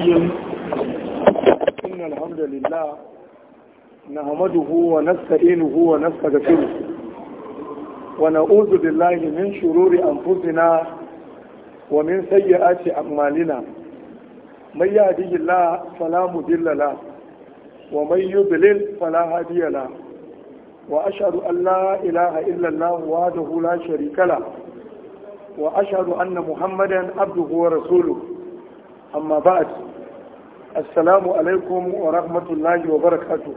ayyayin inna alhamdulillah na hamaduhu wa nasta'inuhu wa nastaghfiruh wa na'udhu a'malina may wa may yudlil fala hadiya wa ashhadu an la ilaha illa allah wahdahu assalamu alaikum wa rahmatullahi wa barakatu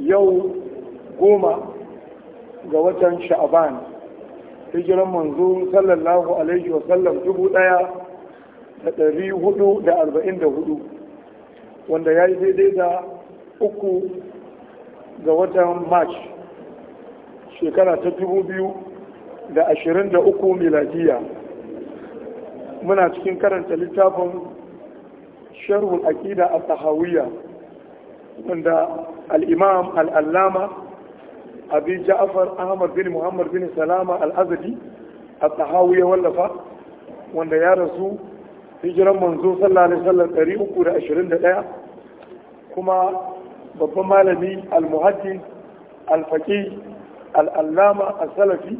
yau goma ga watan sha'aban hijiran manzo sallallahu alaihi wa sallam dubu daya da dari hudu da arba'in da hudu wanda ya yi daidai da uku ga watan march shekara ta dubu biyu da ashirin da uku miladiya muna cikin karanta littafin sharhul aqida at-tahawiyya wanda al-imam al-allama abi ja'far ahmad bin muhammad bin salama al-azdi at-tahawiyya wallafa wanda ya rasu hijiran manzo sallallahu alaihi wasallam 321 kuma babban malami al-muhaddis al-faqih al-allama as-salafi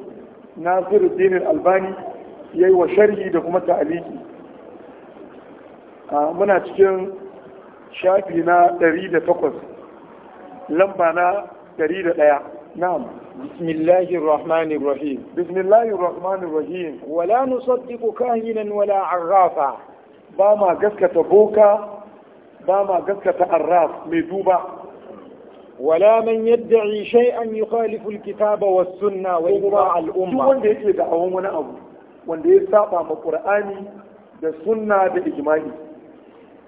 nasiruddin al-albani yayi wa sharhi da kuma ta'aliki muna cikin shafi na 108 lamba na 101 na'am بسم الله الرحمن الرحيم بسم الله الرحمن الرحيم ولا نصدق كاهنا ولا عرافا باما غسكة بوكا باما غسكة عراف مدوبة ولا من يدعي شيئا يخالف الكتاب والسنة وإجماع الأمة دون دي دعوهم أبو wanda ya saba ma qur'ani da sunna da ijma'i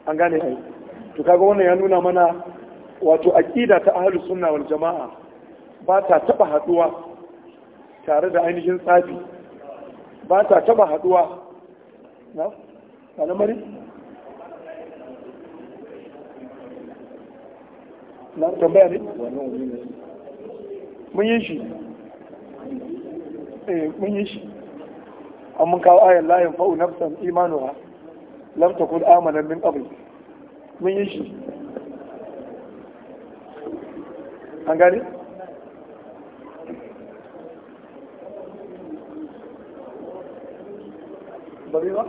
an gane ai to kaga wannan ya nuna mana wato aqida ta ahlus sunna wal jama'a ba ta taba haduwa tare da ainihin tsafi ba ta taba haduwa na mari na tambaya ne mun yi shi eh mun yi shi ومن كاو آية لا ينفع نفسا إيمانها لم تكن آمنا من قبل من يشي هنغاني بريغة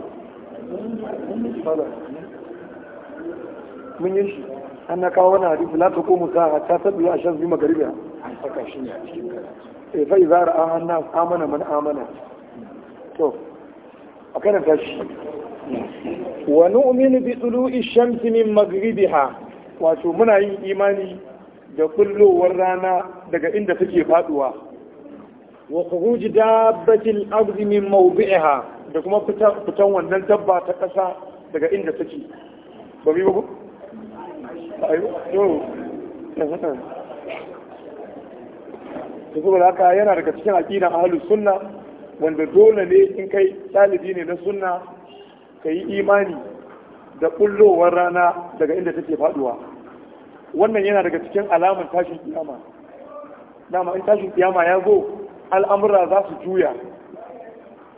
من يشي أنا كاوانا هديف لا تقوم ساعة تاتب لا شخص بما قريبها فإذا رأى الناس آمن من آمنت to a karanta shi wa nu'minu bi tulu'i shamsi min maghribiha wato muna yin imani da kullowar rana daga inda take faduwa wa khuruj dabbatil ardi min mawdi'iha da kuma fitan wannan dabba ta kasa daga inda take ba bi ba ayo to saboda haka yana daga cikin aqidan ahlus sunna wanda dole ne in kai ɗalibi ne na sunna ka yi imani da ƙullowar rana daga inda take faduwa wannan yana daga cikin alamun tashin kiyama dama in tashin kiyama ya zo al'amura za su juya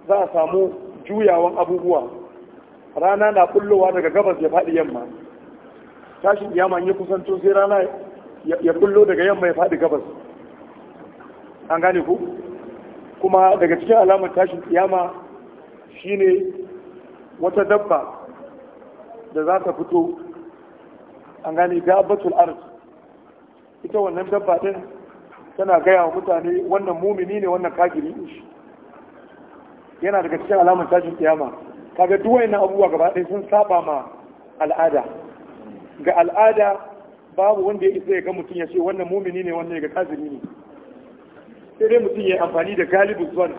za a samu juyawan abubuwa rana na kullowa daga gabas ya faɗi yamma tashin kiyama ya kusanto sai rana ya kullo daga yamma ya faɗi gabas an gane ku kuma daga cikin alamar tashin kiyama shine wata dabba da za ta fito an ga batul arz ita wannan dabba din tana gaya wa mutane wannan mumini ne wannan kafiri yana daga cikin alamar tashin kiyama kaga duk wayannan abubuwa gaba ɗaya sun saba ma al'ada ga al'ada babu wanda ya isa ya ga mutum ya ce wannan mumini ne wannan ya ga kafiri ne sai dai mutum ya amfani da galibin zuwan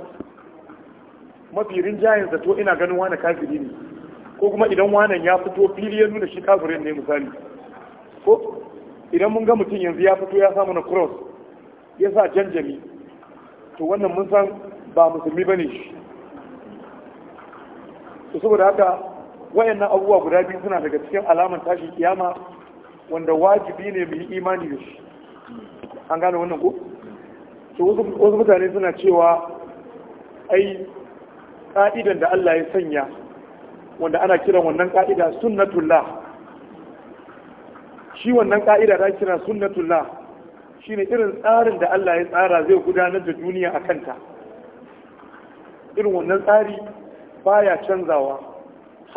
mafi rinjayen zato ina ganin wani kafiri ne ko kuma idan wane ya fito fili ya nuna shi kafirin ne misali ko idan mun ga mutum yanzu ya fito ya samu na cross ya sa janjami to wannan mun san ba musulmi ne shi to saboda haka wayannan abubuwa guda biyu suna daga cikin alamar tashin kiyama wanda wajibi ne mu yi imani da shi an gane wannan ko to wasu mutane suna cewa ai ka'idan da Allah ya sanya wanda ana kiran wannan ka'ida sunnatullah shi wannan ka'ida da kira sunnatullah shine irin tsarin da Allah ya tsara zai gudanar da duniya a kanta irin wannan tsari baya canzawa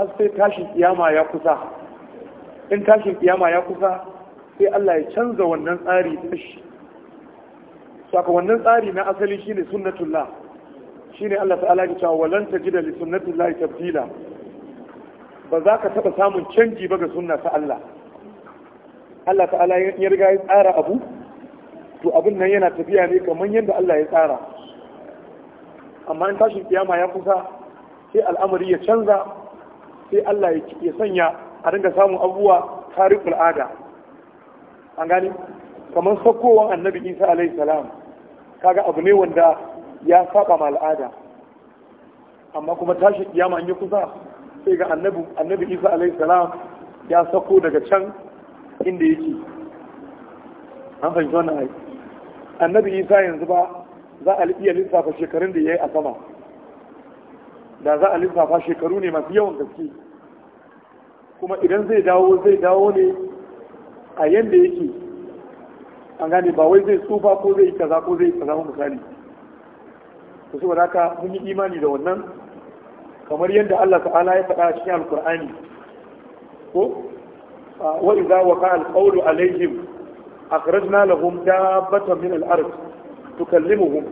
har sai tashin kiyama ya kusa in tashin kiyama ya kusa sai Allah ya canza wannan tsari shi saka wannan tsari na asali shine sunnatullah shine Allah ta'ala ya cewa walan tajida li sunnatullah tabdila ba za ka taba samun canji ba ga sunna ta Allah Allah ta'ala ya riga ya tsara abu to abin nan yana tafiya ne kamar yadda Allah ya tsara amma in tashin kiyama ya kusa sai al'amari ya canza sai Allah ya sanya a dinga samun abubuwa tarikul ada an gani kamar saukowar annabi isa alaihi salam kaga abu ne wanda ya saba ma al'ada amma kuma tashi kiyama an yi kusa sai ga annabi isa alaihi salam ya sako daga can inda yake an fahimci wannan ai annabi isa yanzu ba za a iya lissafa shekarun da ya yi a sama da za a lissafa shekaru ne masu yawan gaske kuma idan zai dawo zai dawo ne a yanda yake an gane ba wai zai tsufa ko zai kaza ko zai kaza misali to saboda haka mun yi imani da wannan kamar yadda Allah ta'ala ya faɗa a cikin alqur'ani ko wa idza waqa alqawlu qawlu alaihim akhrajna lahum dabbatan min al-ard tukallimuhum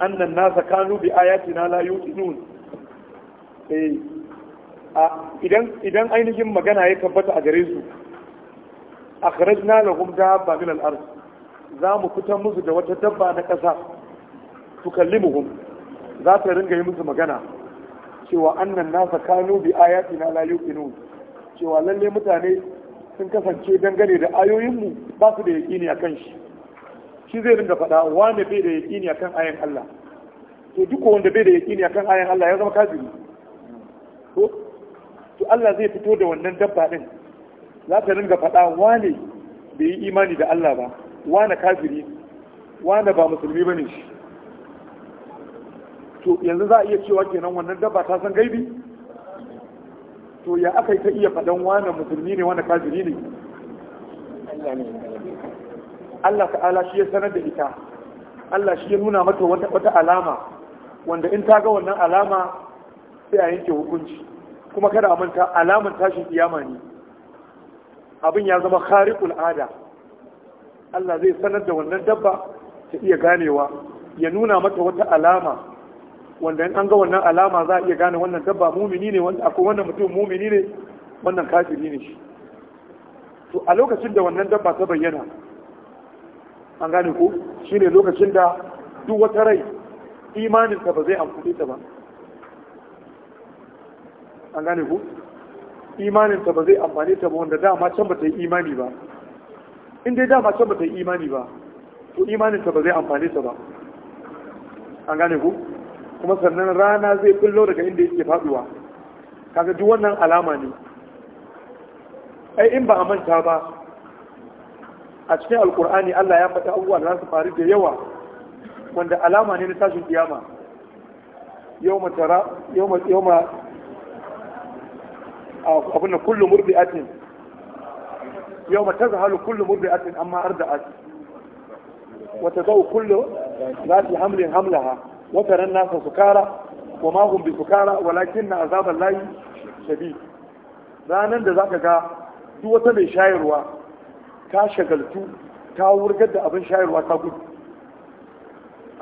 anna an-nasa kanu bi ayatina la yu'minun eh idan idan ainihin magana ya tabbata a gare su akhrajna lahum dabba min al-ard za mu fitar musu da wata dabba na ƙasa su kalli tukallimuhum za ta ringa yi musu magana cewa annan nasa kanu bi na la yuqinun cewa lalle mutane sun kasance dangane da ayoyinmu ba su da yaƙini a kan shi shi zai ringa faɗa wane bai da yaƙini a kan ayan Allah to duk wanda bai da yaƙini a kan ayan Allah ya zama kafiri to to Allah zai fito da wannan dabba din za ta ringa faɗa wane bai yi imani da Allah ba wane kafiri wane ba musulmi bane shi to yanzu za a iya cewa kenan wannan dabba ta san gaibi to ya aka ta iya faɗan wane musulmi ne wane kafiri ne Allah ta'ala shi ya sanar da ita Allah shi ya nuna mata wata alama wanda in ta ga wannan alama sai a yanke hukunci kuma kada a manta alamar tashin kiyama ne abin ya zama khariqul ada Allah zai sanar da wannan dabba ta iya ganewa ya nuna mata wata alama wanda an ga wannan alama za a iya gane wannan dabba mumini ne wanda akwai wannan mutum mumini ne wannan kafiri ne shi to a lokacin da wannan dabba ta bayyana an gane ko shine lokacin da duk wata rai imanin ta ba zai amfani ta ba an gane ko imanin ta ba zai amfani ta ba wanda dama can ba ta yi imani ba in dai dama can ba ta yi imani ba to imaninta ba zai amfane ta ba an gane ku kuma sannan rana zai kullo daga inda yake faduwa kaga duk wannan alama ne ai in ba a manta ba a cikin alkur'ani Allah ya faɗa abubuwa da za su faru da yawa wanda alama ne na tashin kiyama yawma tara yawma yawma abun kullu murdi'atin yau mata zahalu kullum أما atin amma كل wata حمل kullum za الناس hamlin hamlaha هم ran ولكن عذاب wa شديد walakin na azabar layi shabi ranar da za ka ga duk wata mai shayarwa ta shagaltu ta wurgar da abin shayarwa ta gudu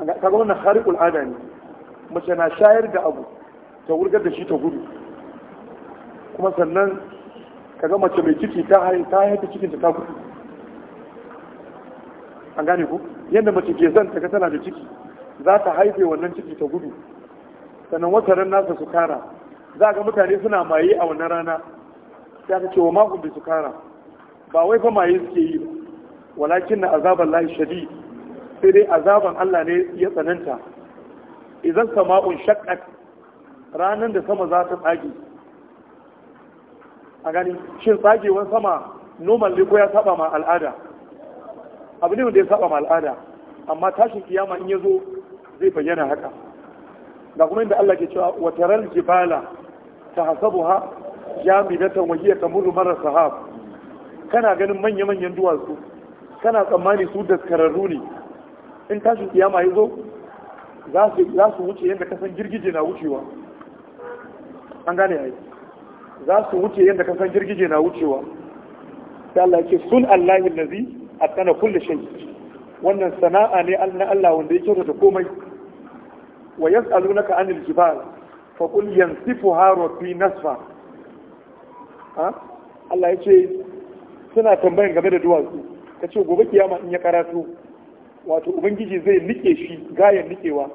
Ta ne mace na shayar da abu ta wurgar da shi ta gudu kuma sannan kaga mace mai ciki ta haifi cikinta ta kusa an gane ku yadda mace ke son ta tana da ciki za ta haife wannan ciki ta gudu sannan wata ran nasa su kara za ga mutane suna maye a wannan rana sai ka ce wa makon bai su kara ba wai fa maye suke yi walakin na azaban lahi shadi sai dai azaban Allah ne ya tsananta idan sama'un shaqqat ranan da sama za ta tsage a gani shin tsagewan sama noman ne ya saba ma al'ada abu ne wanda ya saba ma al'ada amma tashin kiyama in ya zo zai bayyana haka da kuma inda Allah ke cewa wa taral jibala tahasabuha jamidatan wa hiya tamurru marar sahab kana ganin manya manyan duwatsu kana tsammani su daskararru ne in tashin kiyama ya zo za su wuce yadda kasan girgije na wucewa an gane yayi za su wuce yadda kan san girgije na wucewa sai Allah yake sun Allah allazi atana kulli shay wannan sana'a ne na Allah wanda yake rubuta komai wa yas'alunaka anil jibal fa qul yansifuha rabbi nasfa ha Allah ce suna tambayan game da duwatsu kace gobe kiyama in ya karatu wato ubangiji zai nike shi gayan nikewa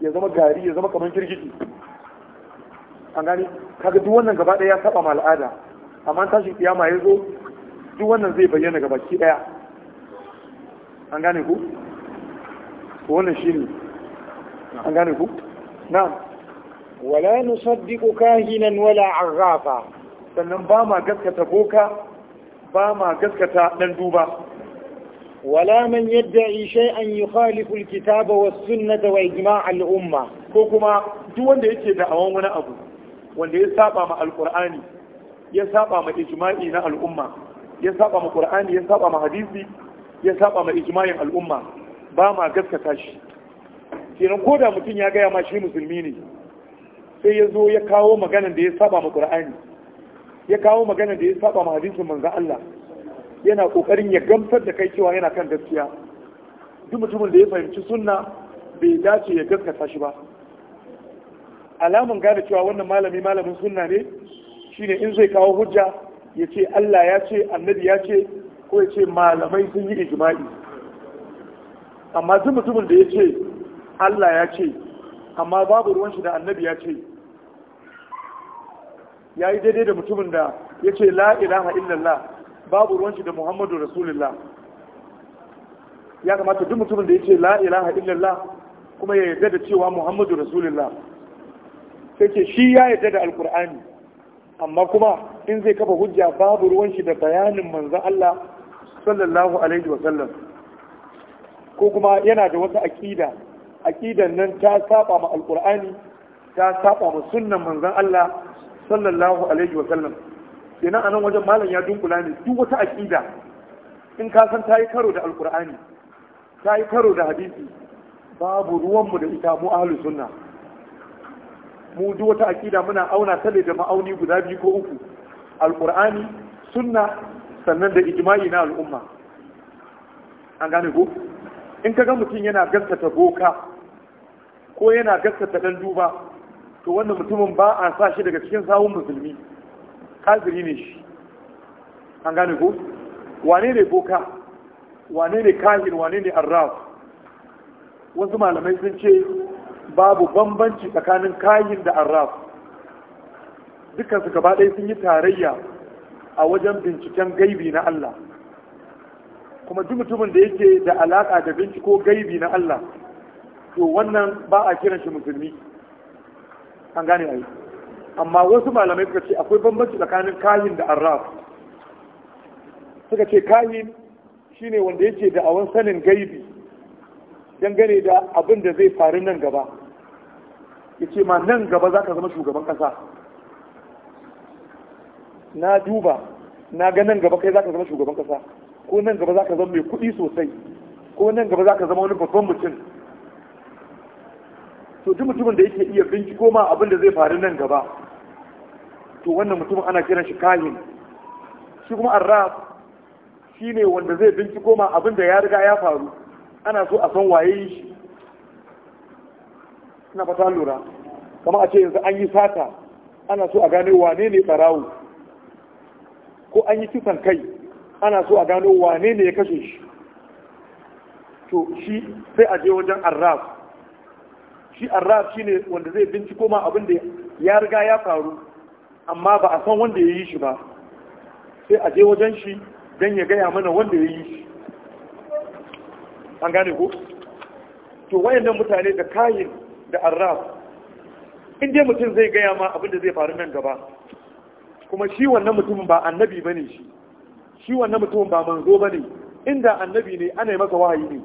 ya zama gari ya zama kamar girgiji an gani kaga duk wannan gaba ɗaya ya saba ma al'ada amma tashi kiyama ya zo duk wannan zai bayyana gaba ki ɗaya an gane ku to wannan shine an gane ku na'am wala nusaddiqu kahinan wala arrafa sannan ba ma gaskata boka ba ma gaskata dan duba Wala man ولا من يدعي شيئا يخالف الكتاب al'umma. Ko kuma duk wanda yake da awon wani abu. wanda ya saba ma alqur'ani ya saba ma ijma'i na al'umma ya saba ma qur'ani ya saba ma hadisi ya saba ma ijma'in al'umma ba ma gaskata shi kenan ko da mutum ya gaya ma shi musulmi ne sai ya zo ya kawo maganan da ya saba ma qur'ani ya kawo maganan da ya saba ma hadisin manzo Allah yana kokarin ya gamsar da kai cewa yana kan gaskiya duk mutumin da ya fahimci sunna bai dace ya gaskata shi ba alamun gane cewa wannan malami malamin sunna ne shine in zai kawo hujja ya ce Allah ya ce annabi ya ce ko ya ce malamai sun yi ijma'i amma duk mutumin da ya ce Allah ya ce amma babu ruwan shi da annabi ya ce ya yi daidai da mutumin da ya ce la ilaha illallah babu ruwan shi da muhammadu rasulullah ya kamata duk mutumin da ya ce la ilaha illallah kuma ya yarda da cewa muhammadu rasulullah sai ce shi ya yarda da alkur'ani amma kuma in zai kafa hujja babu ruwan shi da bayanin manzon Allah sallallahu alaihi wa sallam ko kuma yana da wata aqida aqidan nan ta saba ma alkur'ani ta saba ma sunnan manzon Allah sallallahu alaihi wa sallam kenan anan wajen malam ya dunkula ne duk wata aqida in ka san ta yi karo da alkur'ani ta yi karo da hadisi babu ruwanmu da ita mu ahlus sunna mu ji wata akida muna auna ta da ma'auni guda biyu ko uku alqur'ani sunna sannan da ijma'i na al'umma an gane ko in ka ga mutum yana gaskata boka ko yana gaskata dan duba to wannan mutumin ba a sa shi daga cikin sahun musulmi kafiri ne shi an gane ko wane ne boka wane ne kahin wane ne arraf wasu malamai sun ce babu bambanci tsakanin kayin da arraf dukkan su gaba ɗaya sun yi tarayya a wajen binciken gaibi na Allah kuma duk mutumin da yake da alaƙa da binciko gaibi na Allah to wannan ba a kiran shi musulmi an gane ai amma wasu malamai suka ce akwai bambanci tsakanin kayin da arraf suka ce kayin shine wanda yake da awon sanin gaibi dangane da abin da zai faru nan gaba ya ce ma nan gaba za ka zama shugaban ƙasa na duba na ga nan gaba kai za ka zama shugaban ƙasa ko nan gaba za ka zama mai kuɗi sosai ko nan gaba za ka zama wani babban mutum to duk mutumin da yake iya binciko ma abin da zai faru nan gaba to wannan mutumin ana kiran shi kahin shi kuma arraf shi ne wanda zai binciko ma abin da ya riga ya faru ana so a san waye shi na fata lura kama a ce yanzu an yi sata ana so a gano wane ne barawo ko an yi kisan kai ana so a gano wane ne ya kashe shi to shi sai a je wajen arraf shi arraf shi ne wanda zai binciko ma abin da ya riga ya faru amma ba a san wanda ya yi shi ba sai a je wajen shi don ya gaya mana wanda ya yi shi an gane ko to wayannan mutane da kayin da arraf in dai mutum zai gaya ma abin da zai faru nan gaba kuma shi wannan mutum ba annabi bane shi shi wannan mutum ba manzo bane inda annabi ne ana yi masa wahayi ne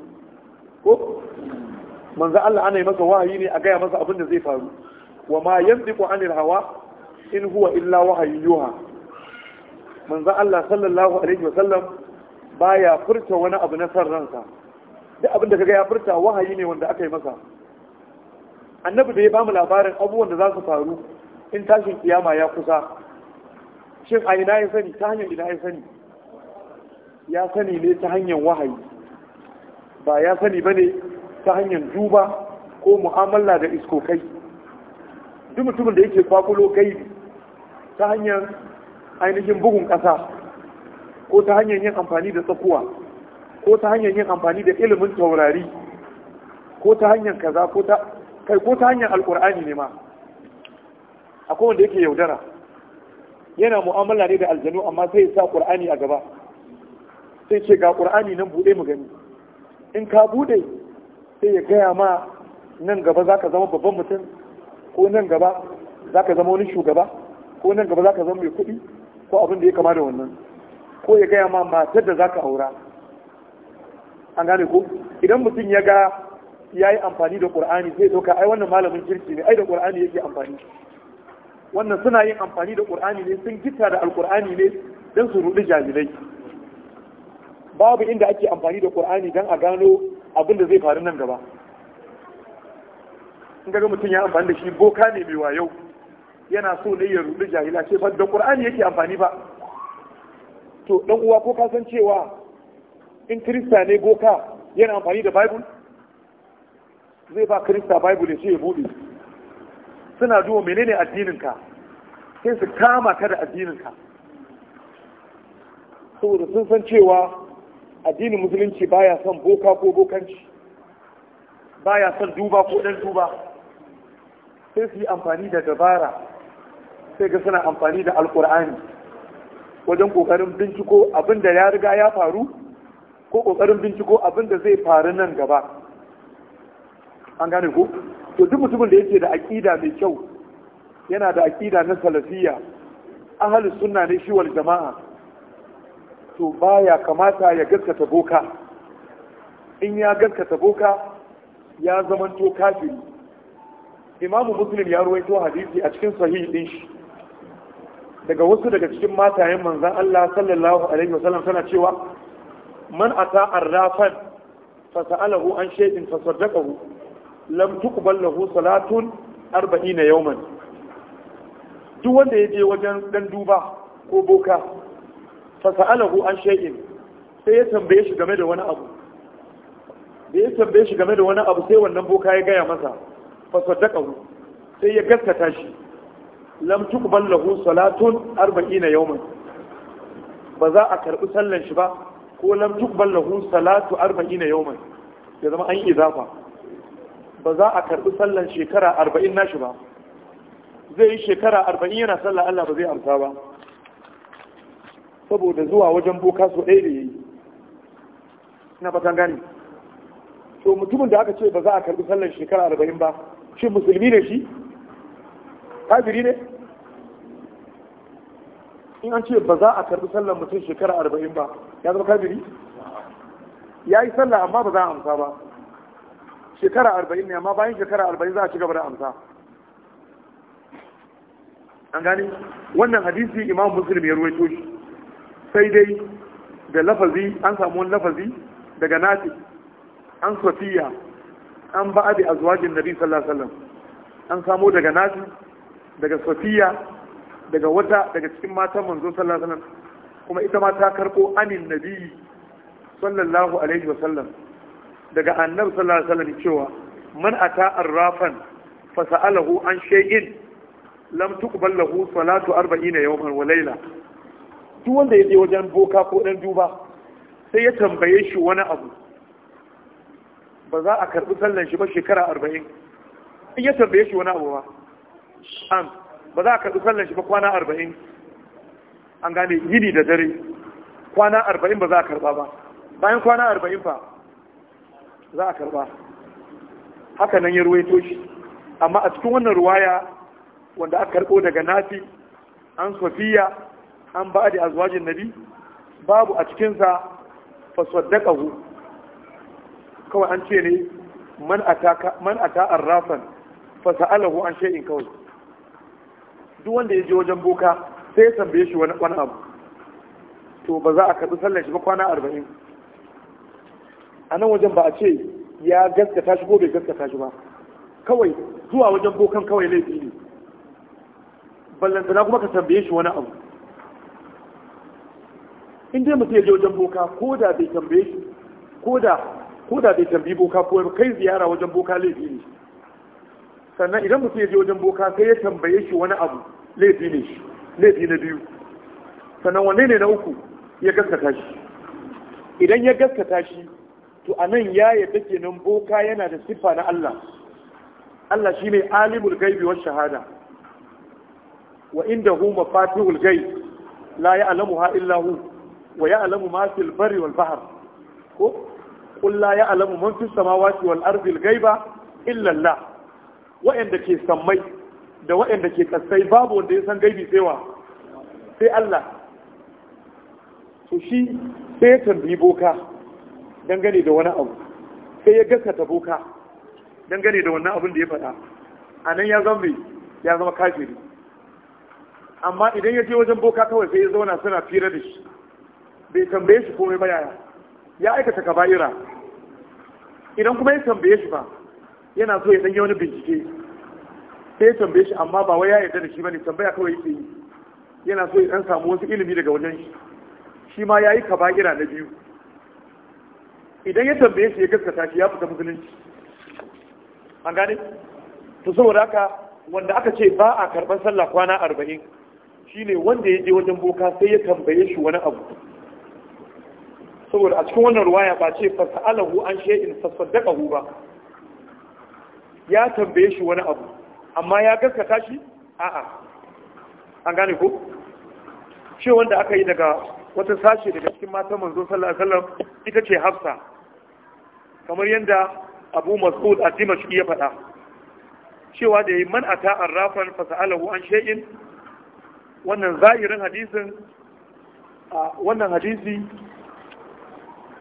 ko manzo Allah ana yi masa wahayi ne a gaya masa abin da zai faru wa ma yanziqu anil hawa in huwa illa wahayi yuha manzo Allah sallallahu alaihi wa sallam baya furta wani abu na san ransa duk abin da kaga ya furta wahayi ne wanda aka yi masa annabi da ya bamu labarin abubuwan da za su faru in tashin kiyama ya kusa shin a ina ya sani ta hanyar ina ya sani ya sani ne ta hanyar wahayi ba ya sani ba ne ta hanyar duba ko mu'amala da iskokai duk mutumin da yake kwakulo gaibi ta hanyar ainihin bugun ƙasa ko ta hanyar yin amfani da tsakuwa ko ta hanyar yin amfani da ilimin taurari ko ta hanyar kaza ko ta kai ko ta hanyar alkur'ani ne ma akwai wanda yake yaudara yana mu'amala ne da aljanu amma sai ya sa qur'ani a gaba sai ce ga qur'ani nan bude mu gani in ka bude sai ya gaya ma nan gaba zaka zama babban mutum ko nan gaba zaka zama wani shugaba ko nan gaba zaka zama mai kuɗi ko abin da ya kama da wannan ko ya gaya ma matar da zaka aura an gane ko idan mutum ya ga ya yi amfani da ƙur'ani zai ɗauka ai wannan malamin kirki ne ai da ƙur'ani yake amfani wannan suna yin amfani da ƙur'ani ne sun gita da alƙur'ani ne don su ruɗi jami'ai. babu inda ake amfani da ƙur'ani don a gano abin da zai faru nan gaba in ga mutum ya amfani da shi boka ne mai wayo yana so ne ya ruɗi jahila ce ba da ƙur'ani yake amfani ba to ɗan uwa ko ka san cewa in kirista ne boka yana amfani da bible zai ba kirista bible ya ce ya bude suna duba menene addininka sai su kama ka da addininka saboda sun san cewa addinin musulunci baya son boka ko bokanci baya son duba ko dan duba sai su yi amfani da dabara sai ga suna amfani da alkur'ani wajen kokarin binciko abinda ya riga ya faru ko kokarin binciko abinda zai faru nan gaba an gane ko to duk mutumin da yake da aƙida mai kyau yana da aƙida na salafiya ahlus sunna ne shi wal jama'a to baya kamata ya gaskata boka in ya gaskata boka ya zamanto kafiri imamu muslim ya ruwaito hadisi a cikin sahih din shi daga wasu daga cikin matayen manzan Allah sallallahu alaihi wasallam tana cewa man ata arrafan fa sa'alahu an shay'in fa saddaqahu lam tuqbal lahu salatun 40 yawman duk wanda ya je wajen dan duba ko boka fa sa'alahu an shay'in sai ya tambaye shi game da wani abu da ya tambaye shi game da wani abu sai wannan boka ya gaya masa fa saddaqahu sai ya gaskata shi lam tuqbal lahu salatun 40 yawman ba za a karbi sallan shi ba ko lam tuqbal lahu salatu 40 yawman ya zama an izafa ba za a karɓi sallan shekara arba'in nashi ba zai yi shekara arba'in yana sallah Allah ba zai amsa ba saboda zuwa wajen boka so ɗaya da ya yi na fatan gani to mutumin da aka ce ba za a karɓi sallan shekara arba'in ba shi musulmi ne shi kafiri ne in an ce ba za a karɓi sallan mutum shekara arba'in ba ya zama kafiri ya yi sallah amma ba za a amsa ba shekara arba'in ne amma bayan shekara arba'in za a ci gaba da amsa an gani wannan hadisi imam muslim ya ruwaito shi sai dai da lafazi an samu wani lafazi daga nati an safiya an a azwajin nabi sallallahu alaihi wasallam an samu daga nati daga safiya daga wata daga cikin matan manzo sallallahu alaihi wasallam kuma ita ma ta karbo anin nabi sallallahu alaihi wasallam daga annabi sallallahu alaihi wasallam cewa man ata arrafan fa sa'alahu an shay'in lam tuqbal lahu salatu 40 yawman wa layla duk wanda yaje wajen boka ko dan duba sai ya tambaye shi wani abu ba za a karbi sallan shi ba shekara 40 in ya tambaye shi wani abu ba am ba za a karbi sallan shi ba kwana 40 an gane yini da dare kwana 40 ba za a karba ba bayan kwana 40 fa za a karba haka nan ya ruwaito shi amma a cikin wannan ruwaya wanda aka karbo daga nafi an sofiya an ba da azwajin nabi babu a cikinsa fasaddaqahu kawai an ce ne man ataka man ata arrafan fasalahu an shay'in kawai duk wanda ya je wajen boka sai ya tambaye shi wani abu to ba za a karbi sallar shi ba kwana arba'in a nan wajen ba a ce ya gaskata shi ko bai gaskata shi ba kawai zuwa wajen bokan kawai laifi ne ballantana kuma ka tambaye shi wani abu in dai mutum ya je wajen boka ko da bai tambaye shi ko da ko da bai tambayi boka ko kai ziyara wajen boka laifi ne sannan idan mutum ya je wajen boka sai ya tambaye shi wani abu laifi ne shi laifi na biyu sannan wanne ne na uku ya gaskata shi idan ya gaskata shi to a nan ya yadda kenan boka yana da siffa na Allah Allah shi ne alimul gaibi shahada wa inda hu mafatihul gaib la alamu illa hu wa ya alamu Masil, barri wal ko la alamu manfi samawa ce wal ardi gaiba ghaiba illa ke sammai da wayanda ke kasai babu wanda ya san gaibi sai sai Allah su shi sai tambi boka dangane da wani abu sai ya gaskata boka dangane da wannan abin da ya faɗa a nan ya zama ya zama kafiri amma idan ya je wajen boka kawai sai ya zauna suna fira da shi bai tambaye shi komai ba yaya ya aikata kaba'ira idan kuma ya tambaye shi ba yana so ya danyi wani bincike sai ya tambaye shi amma ba wai ya yarda da shi ba ne tambaya kawai yake yi yana so ya dan samu wasu ilimi daga wajen shi shi ma ya yi kaba'ira na biyu idan ya tambaye shi ya gaskata shi ya fita musulunci an gane to saboda haka wanda aka ce ba a karban sallah kwana arba'in shine wanda ya je wajen boka sai ya tambaye shi wani abu saboda a cikin wannan ruwaya ba ce alahu an shay'in fasaddaqahu ba ya tambaye shi wani abu amma ya gaskata shi a'a an gane ko ce wanda aka yi daga wata sashe daga cikin matan manzo sallallahu alaihi wasallam ita ce Hafsa kamar yadda abu mas'ud a shi ya faɗa cewa da yi man ata arrafan fasa'alahu an shaikin wannan zahirin hadisin a wannan hadisi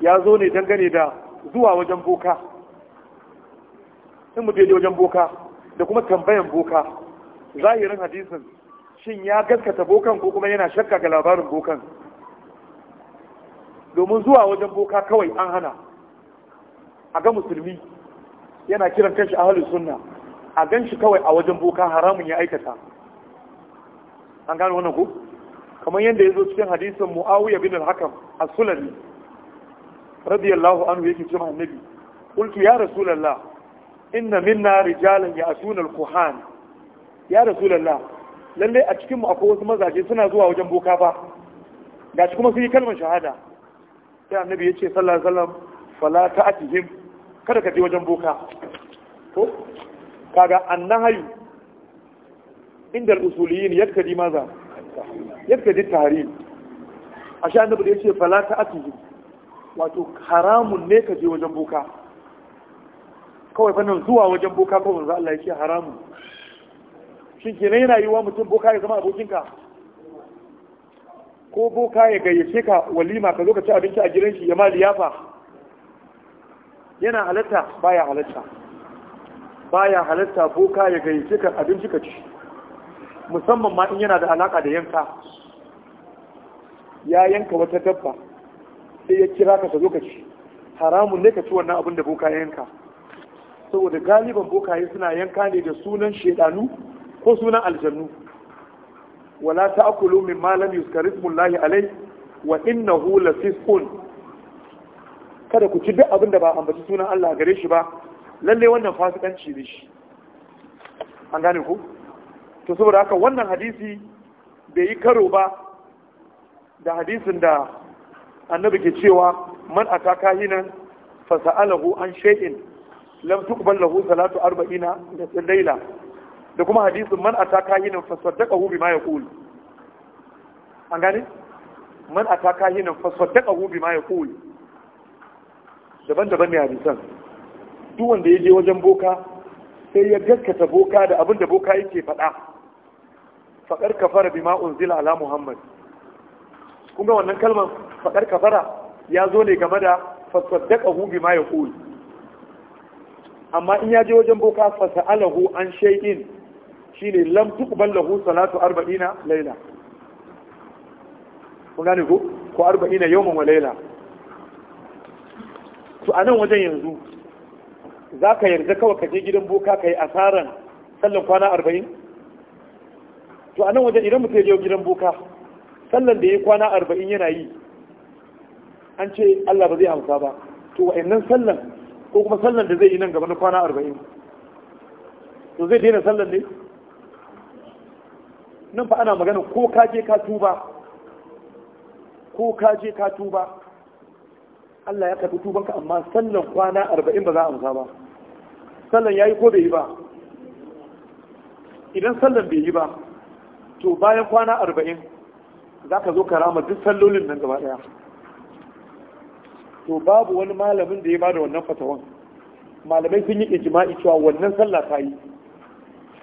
ya zo ne dangane da zuwa wajen boka in wajen boka da kuma tambayan boka zahirin hadisin shin ya gaskata bokan ko kuma yana shakka ga labarin bokan domin zuwa wajen boka kawai an hana a ga musulmi yana kiran kanshi ahalin sunna a gan shi kawai a wajen boka haramun ya aikata an gano wannan ku kamar yadda ya zo cikin hadisin mu'awiyya bin al-hakam as-sulami radiyallahu anhu yake cewa annabi qultu ya rasulullah inna minna rijalan ya'tuna al-kuhan ya rasulullah lalle a cikin mu akwai wasu mazaje suna zuwa wajen boka ba gashi kuma sun yi kalmar shahada sai annabi ya ce sallallahu alaihi wasallam fala ta'tihim kada ka je wajen boka ko kaga annahayu inda al-usuliyin yakadi maza yakadi tahrim ashe annabi da yace fala ta'tihi wato haramun ne ka je wajen boka kawai fannin zuwa wajen boka ko manzo Allah yake haramun shin kenan yana yiwa mutum boka ya zama abokinka ko boka ya gayyace ka walima ka zo ka ci abinci a gidan shi ya ma liyafa yana halatta baya halatta baya halatta boka ya gayyace ka abinci ka ci musamman ma in yana da alaka da yanka ya yanka wata dabba sai ya kira ka zo ka haramun ne ka ci wannan abin da boka ya yanka saboda galiban bokaye suna yanka ne da sunan shedanu ko sunan aljannu wala ta'kulu mimma lam yuzkar alai wa innahu lafisqun kada ku ci duk abin da ba ambaci sunan Allah gare shi ba lalle wannan fasikanci ne shi an gane ku to saboda haka wannan hadisi bai yi karo ba da hadisin da annabi ke cewa man ataka hinan fasa'alahu an shay'in lam tuqbal lahu salatu arba'ina da laila da kuma hadisin man ataka hinan fasaddaqahu bima yaqul an gane man ataka hinan fasaddaqahu bima yaqul daban-daban ne hadisan duk wanda ya je wajen boka sai ya gaskata boka da abin da boka yake faɗa faɗar kafara bima unzila ala muhammad kun ga wannan kalmar faɗar kafara ya zo ne game da fasaddaqahu bima yaqul amma in ya je wajen boka fasa'alahu an shay'in shine lam tuqbal lahu salatu Arba'ina laila kun gane ko ko 40 yawman wa laila to a nan wajen yanzu za ka yarda kawai ka je gidan boka ka yi asaran sallan kwana arba'in to a nan wajen idan mutum ya je gidan boka sallan da ya kwana arba'in yana yi an ce Allah ba zai amsa ba to wa'annan sallan ko kuma sallan da zai yi nan gaba na kwana arba'in to zai daina sallan ne nan fa ana magana ko ka je ka tuba ko ka je ka tuba Allah ya karɓi tubanka amma sallan kwana arba'in ba za a amsa ba sallan ya yi ko bai yi ba idan sallan bai yi ba to bayan kwana arba'in za ka zo ka rama duk sallolin nan gaba ɗaya to babu wani malamin da ya ba da wannan fatawan malamai sun yi ijma'i cewa wannan sallah ta yi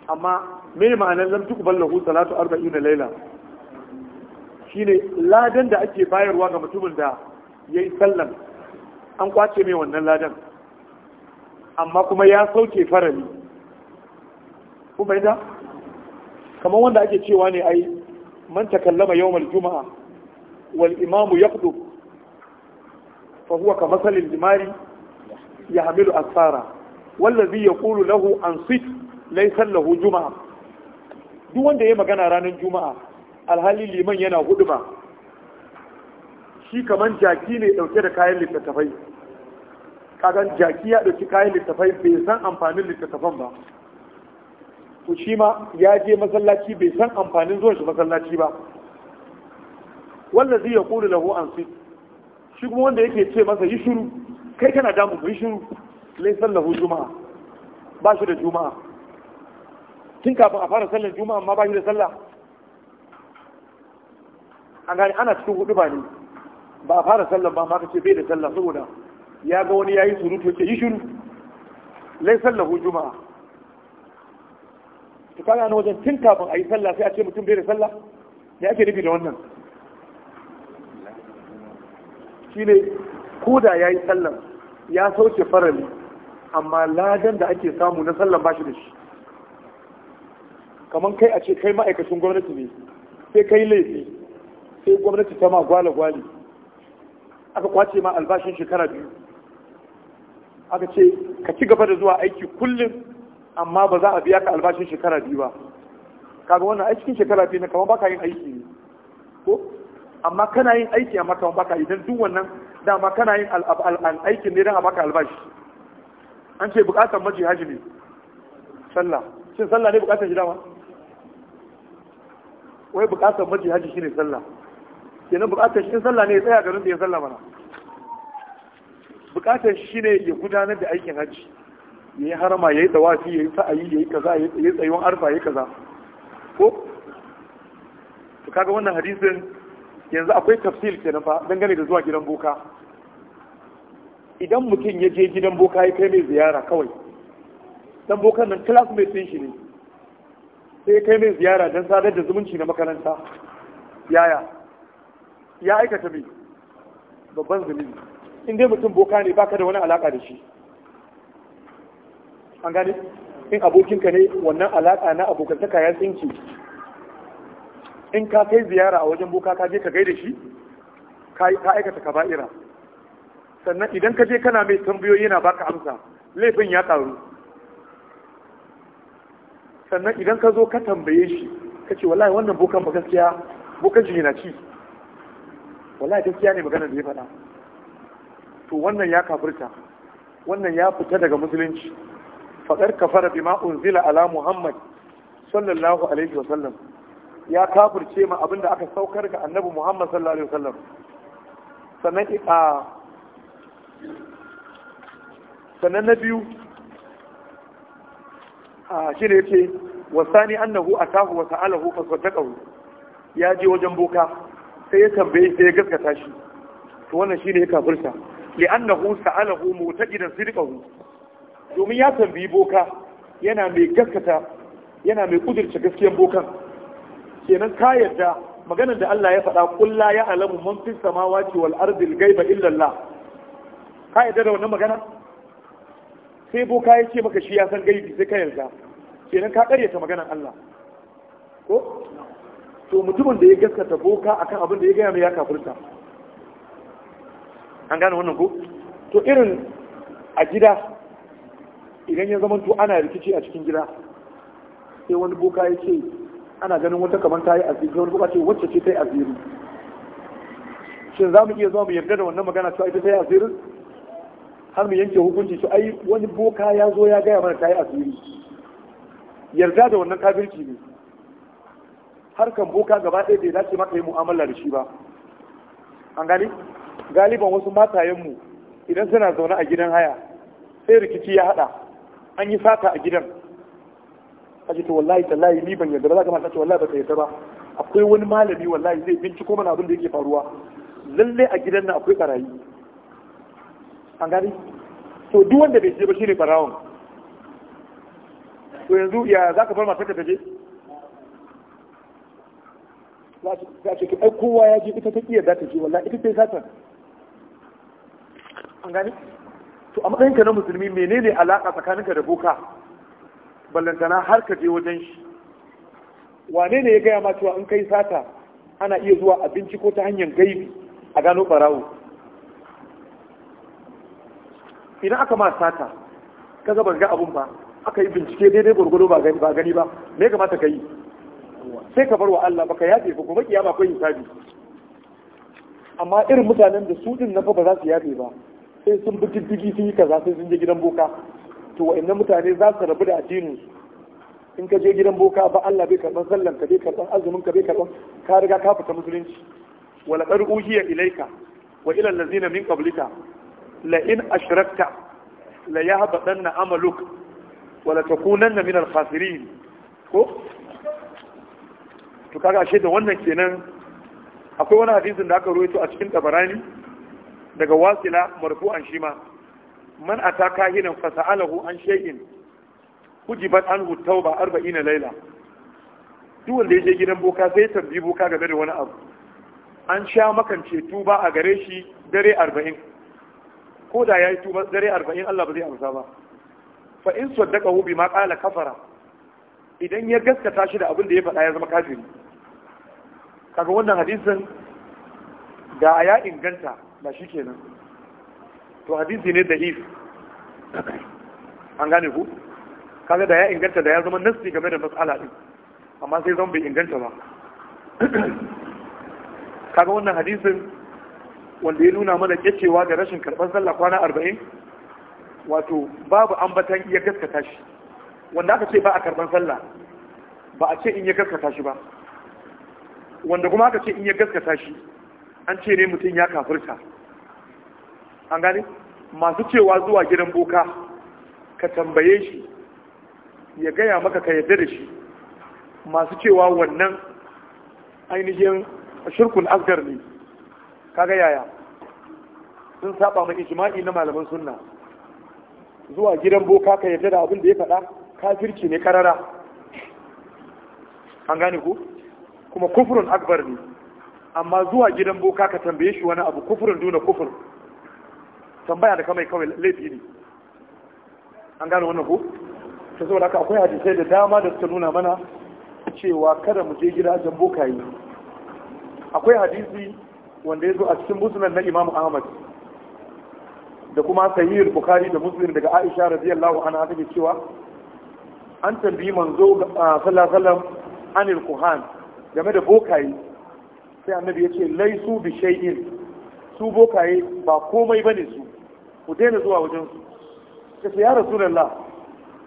amma me ma'anar lam ku ballahu salatu na laila shine ladan da ake bayarwa ga mutumin da yayi sallan an kwace mai wannan ladan amma kuma ya sauke farali ku bai da kamar wanda ake cewa ne ai manta kallama yawmal juma'a wal imamu ya fa huwa ka matsalin jimari yahmilu zai wallazi kulu lahu ansit laisan lahu juma'a duk wanda ya magana ranar juma'a alhali liman yana hudu ba shi kamar jaki ne dauke da kayan littattafai kagan jaki ya ɗauki kayan littafai bai san amfanin littattafan ba to shi ma ya je masallaci bai san amfanin zuwa shi masallaci ba wallazi ya kula lahu an sit shi kuma wanda yake ce masa yi shiru kai kana damu yi shiru lai lahu juma'a ba shi da juma'a tun kafin a fara sallar juma'a amma ba shi da sallah an gani ana cikin hudu ba ne ba a fara sallar ba ma ce bai da sallah saboda ya ga wani ya yi surutu yake yi shiru laysal lahu juma'a ta kana na wajen tun kafin a yi sallah sai a ce mutum bai da sallah me ake nufi da wannan Shi ne, ko da ya yi sallah ya sauke farali amma ladan da ake samu na sallah bashi da shi kamar kai a ce kai ma'aikacin gwamnati ne sai kai laifi sai gwamnati ta ma gwale-gwale aka kwace ma albashin shekara biyu aka ce ka ci gaba da zuwa aiki kullum amma ba za a biya ka albashin shekara biyu ba kaga wannan a cikin shekara biyu na kamar baka yin aiki ne ko amma kana yin aiki amma kamar baka yi don duk wannan dama kana yin aiki ne don a baka albashi an ce bukatar maji haji ne sallah shin sallah ne bukatar shi dama wai bukatar maji haji shine sallah kenan bukatar shi sallah ne ya tsaya garin da ya sallah mana bukatar shi ne ya gudanar da aikin hajji ya yi harama ya yi tsawafi ya yi sa'ayi ya yi kaza ya yi tsayuwan arfa ya yi kaza ko su kaga wannan hadisin yanzu akwai tafsil kenan fa dangane da zuwa gidan boka idan mutum ya je gidan boka ya kai mai ziyara kawai dan bokan nan classmate din shi ne sai ya kai mai ziyara don sadar da zumunci na makaranta yaya ya aikata mai babban zunubi in dai mutum boka ne baka da wani alaka da shi an gane in abokinka ne wannan alaka na abokantaka ya tsinki in ka kai ziyara a wajen boka ka je ka gaida shi ka aikata ka ba'ira sannan idan ka je kana mai tambayoyi yana baka amsa laifin ya karu sannan idan ka zo ka tambaye shi ka ce wallahi wannan bokan ba gaskiya bokan shi yana ci wallahi gaskiya ne maganar da ya faɗa to wannan ya kafirta wannan ya fita daga musulunci faɗar kafara bima unzila ala muhammad sallallahu alaihi wa sallam ya kafirce ma abinda aka saukar ga annabi muhammad sallallahu alaihi wa sallam sannan a sannan na biyu a shi ne yake wasani annahu atahu wa sa'alahu fa sadaqahu ya je wajen boka sai ya tambaye sai ya gaskata shi to wannan shine ya kafirta لأنه سأله mutaqidan صدقه domin ya tambayi boka yana mai gaskata yana mai kudirce gaskiyar bokan kenan ka yarda maganar da Allah ya faɗa qul la ya'lamu man fis samawati wal ardi al ka da magana sai boka ya ce maka shi ya san gaibi sai ka yarda kenan ka karyata maganar Allah ko to mutumin da ya gaskata boka akan abin da ya gaya mai ya kafirta an gane wannan ko to irin a gida idan ya zama to ana rikici a cikin gida sai wani boka ya ce ana ganin wata kamar ta yi asiri wani boka ce wacce ce ta yi asiri shin za mu iya zama mu yarda da wannan magana cewa ita ta yi asirin har mu yanke hukunci su ai wani boka ya zo ya gaya mana ta yi asiri yarda da wannan kafirci ne harkan boka gaba ɗaya bai dace maka yi mu'amala da shi ba an gani galiban wasu matayenmu idan suna zaune a gidan haya sai rikici ya hada an yi sata a gidan a ce wallahi tallahi ni ban yarda ba za ka mata wallahi ba ta yarda ba akwai wani malami wallahi zai binciko mana abin da yake faruwa lalle a gidan nan akwai barayi an gani to duk wanda bai je ba shine barawon to yanzu ya za ka bar matar ka ta je za ce ki ai kowa ya je ita ta iya za ta je wallahi ita ta yi satan an gani to a matsayinka na musulmi menene alaka tsakanin ka da boka ballantana har ka je wajen shi wane ne ya gaya ma cewa in kai sata ana iya zuwa abinci ko ta hanyar gaibi a gano barawo idan aka ma sata ka zaba ga abun ba aka yi bincike daidai gwargwado ba gani ba me me kamata ka yi sai ka bar wa Allah baka yafe ba kuma kiyama ko hisabi amma irin mutanen da su din na fa ba za su yafe ba sai sun bi diddigi sun yi kaza sai sun je gidan boka to wa'annan mutane za su rabu da addinin in ka je gidan boka ba Allah bai karban sallan ka bai karban azumin ka bai karban ka riga ka fita musulunci wala qad uhiya ilayka wa ila allazina min qablika la in ashrakta la yahbatanna amaluk wa la takunanna min al-khasirin ko to kaga ashe da wannan kenan akwai wani hadisin da aka ruwaito a cikin tabarani daga wasila marfu'an shi ma man ata kahinan fasa'alahu an shay'in kujibat anhu tauba 40 laila duk wanda ya je gidan boka sai tambayi boka game da wani abu an sha makance tuba a gare shi dare 40 ko da yayi tuba dare 40 Allah ba zai amsa ba fa in saddaqahu bima qala kafara idan ya gaskata shi da abin da ya faɗa ya zama kafiri kaga wannan hadisin da ya inganta ba shi kenan to hadisi ne da if an gane ku kaga da ya inganta da ya zama nasti game da matsala din amma sai zan bai inganta ba kaga wannan hadisin wanda ya nuna mana kyacewa da rashin karɓar sallah kwana arba'in wato babu ambatan iya gaskata shi wanda aka ce ba a karɓar sallah ba a ce in ya gaskata shi ba wanda kuma aka ce in ya gaskata shi an ce ne mutum ya kafirta an gane masu cewa zuwa gidan boka ka tambaye shi ya gaya maka ka yarda da shi masu cewa wannan ainihin shirkun asgar ne kaga yaya sun saba mai ijma'i na malaman sunna zuwa gidan boka ka yarda da abin da ya faɗa kafirci ne karara an gane ku kuma Kufurin akbar ne amma zuwa gidan boka ka tambaye shi wani abu kufurin duna kufur tambaya da kamai kawai laifi ne an gane wannan ku? ta saboda haka akwai hadisai da dama da suka nuna mana cewa kada mu je gidajen yi akwai hadisi wanda ya zo a cikin musulman na imam ahmad da kuma sahihul bukhari da muslim daga aisha radiyallahu anha take cewa an tambayi manzo sallallahu alaihi wasallam anil kuhan game da bokayi. sai annabi ya ce laisu bi shay'in su bokaye ba komai bane su ku daina zuwa wajen su kace ya rasulullah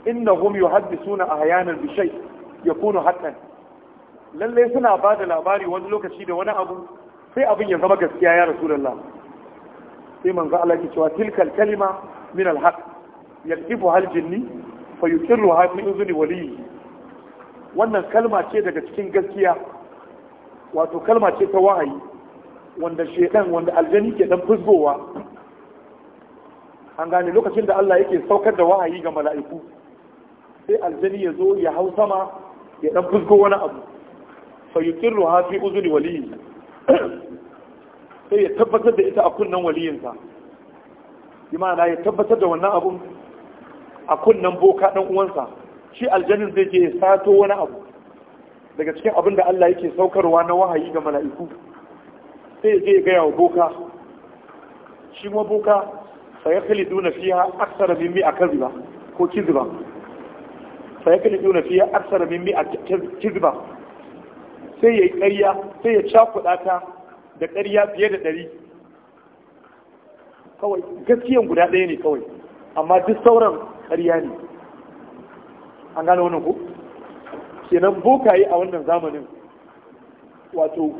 innahum yuhaddisuna ahyanan bi shay yakunu haqqan lalle suna ba da labari wani lokaci da wani abu sai abin ya zama gaskiya ya rasulullah sai manzo Allah ya wa tilkal kalima min alhaq yaqifu hal jinni fa yuqirru min uzni waliyi wannan kalma ce daga cikin gaskiya wato kalma ce ta wahayi wanda shedan wanda aljani ke dan fusgowa an gane lokacin da Allah yake saukar da wahayi ga mala'iku sai aljani ya zo ya hau sama ya dan fusgo wani abu fa yuqirru ha fi uzuri waliyi sai ya tabbatar da ita a kunnan waliyinsa Imana ya tabbatar da wannan abun a kunnan boka dan uwansa shi aljanin zai je ya sato wani abu daga cikin abin da Allah yake saukarwa na wahayi ga mala'iku sai zai gaya wa boka shi ma boka sai kali duna fiya aksara a kan kaziba ko kizba sai kali duna fiya aksara min a kiziba, sai ya yi ƙarya sai ya cakuɗa ta da ƙarya fiye da ɗari kawai gaskiyan guda ɗaya ne kawai amma duk sauran ƙarya ne an gane wannan ko kenan bokaye a wannan zamanin wato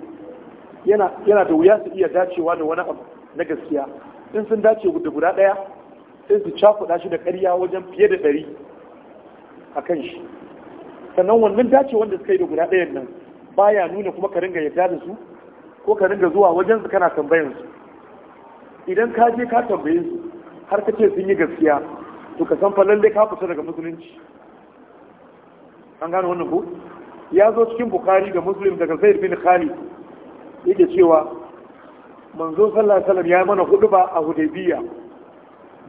yana da wuya su iya dacewa da wani abu na gaskiya in sun dace da guda ɗaya sai su cakuɗa shi da ƙarya wajen fiye da ɗari a kan shi sannan wannan dace wanda suka yi da guda ɗayan nan baya nuna kuma ka ringa yarda da su ko ka ringa zuwa wajen su kana tambayan su idan ka je ka tambaye su har ka ce sun yi gaskiya to ka san fa lallai ka fita daga musulunci an gano wannan ko ya zo cikin bukari da muslim daga zaid bin khalid yake cewa manzo sallallahu alaihi wasallam ya mana hudu ba a hudaybiya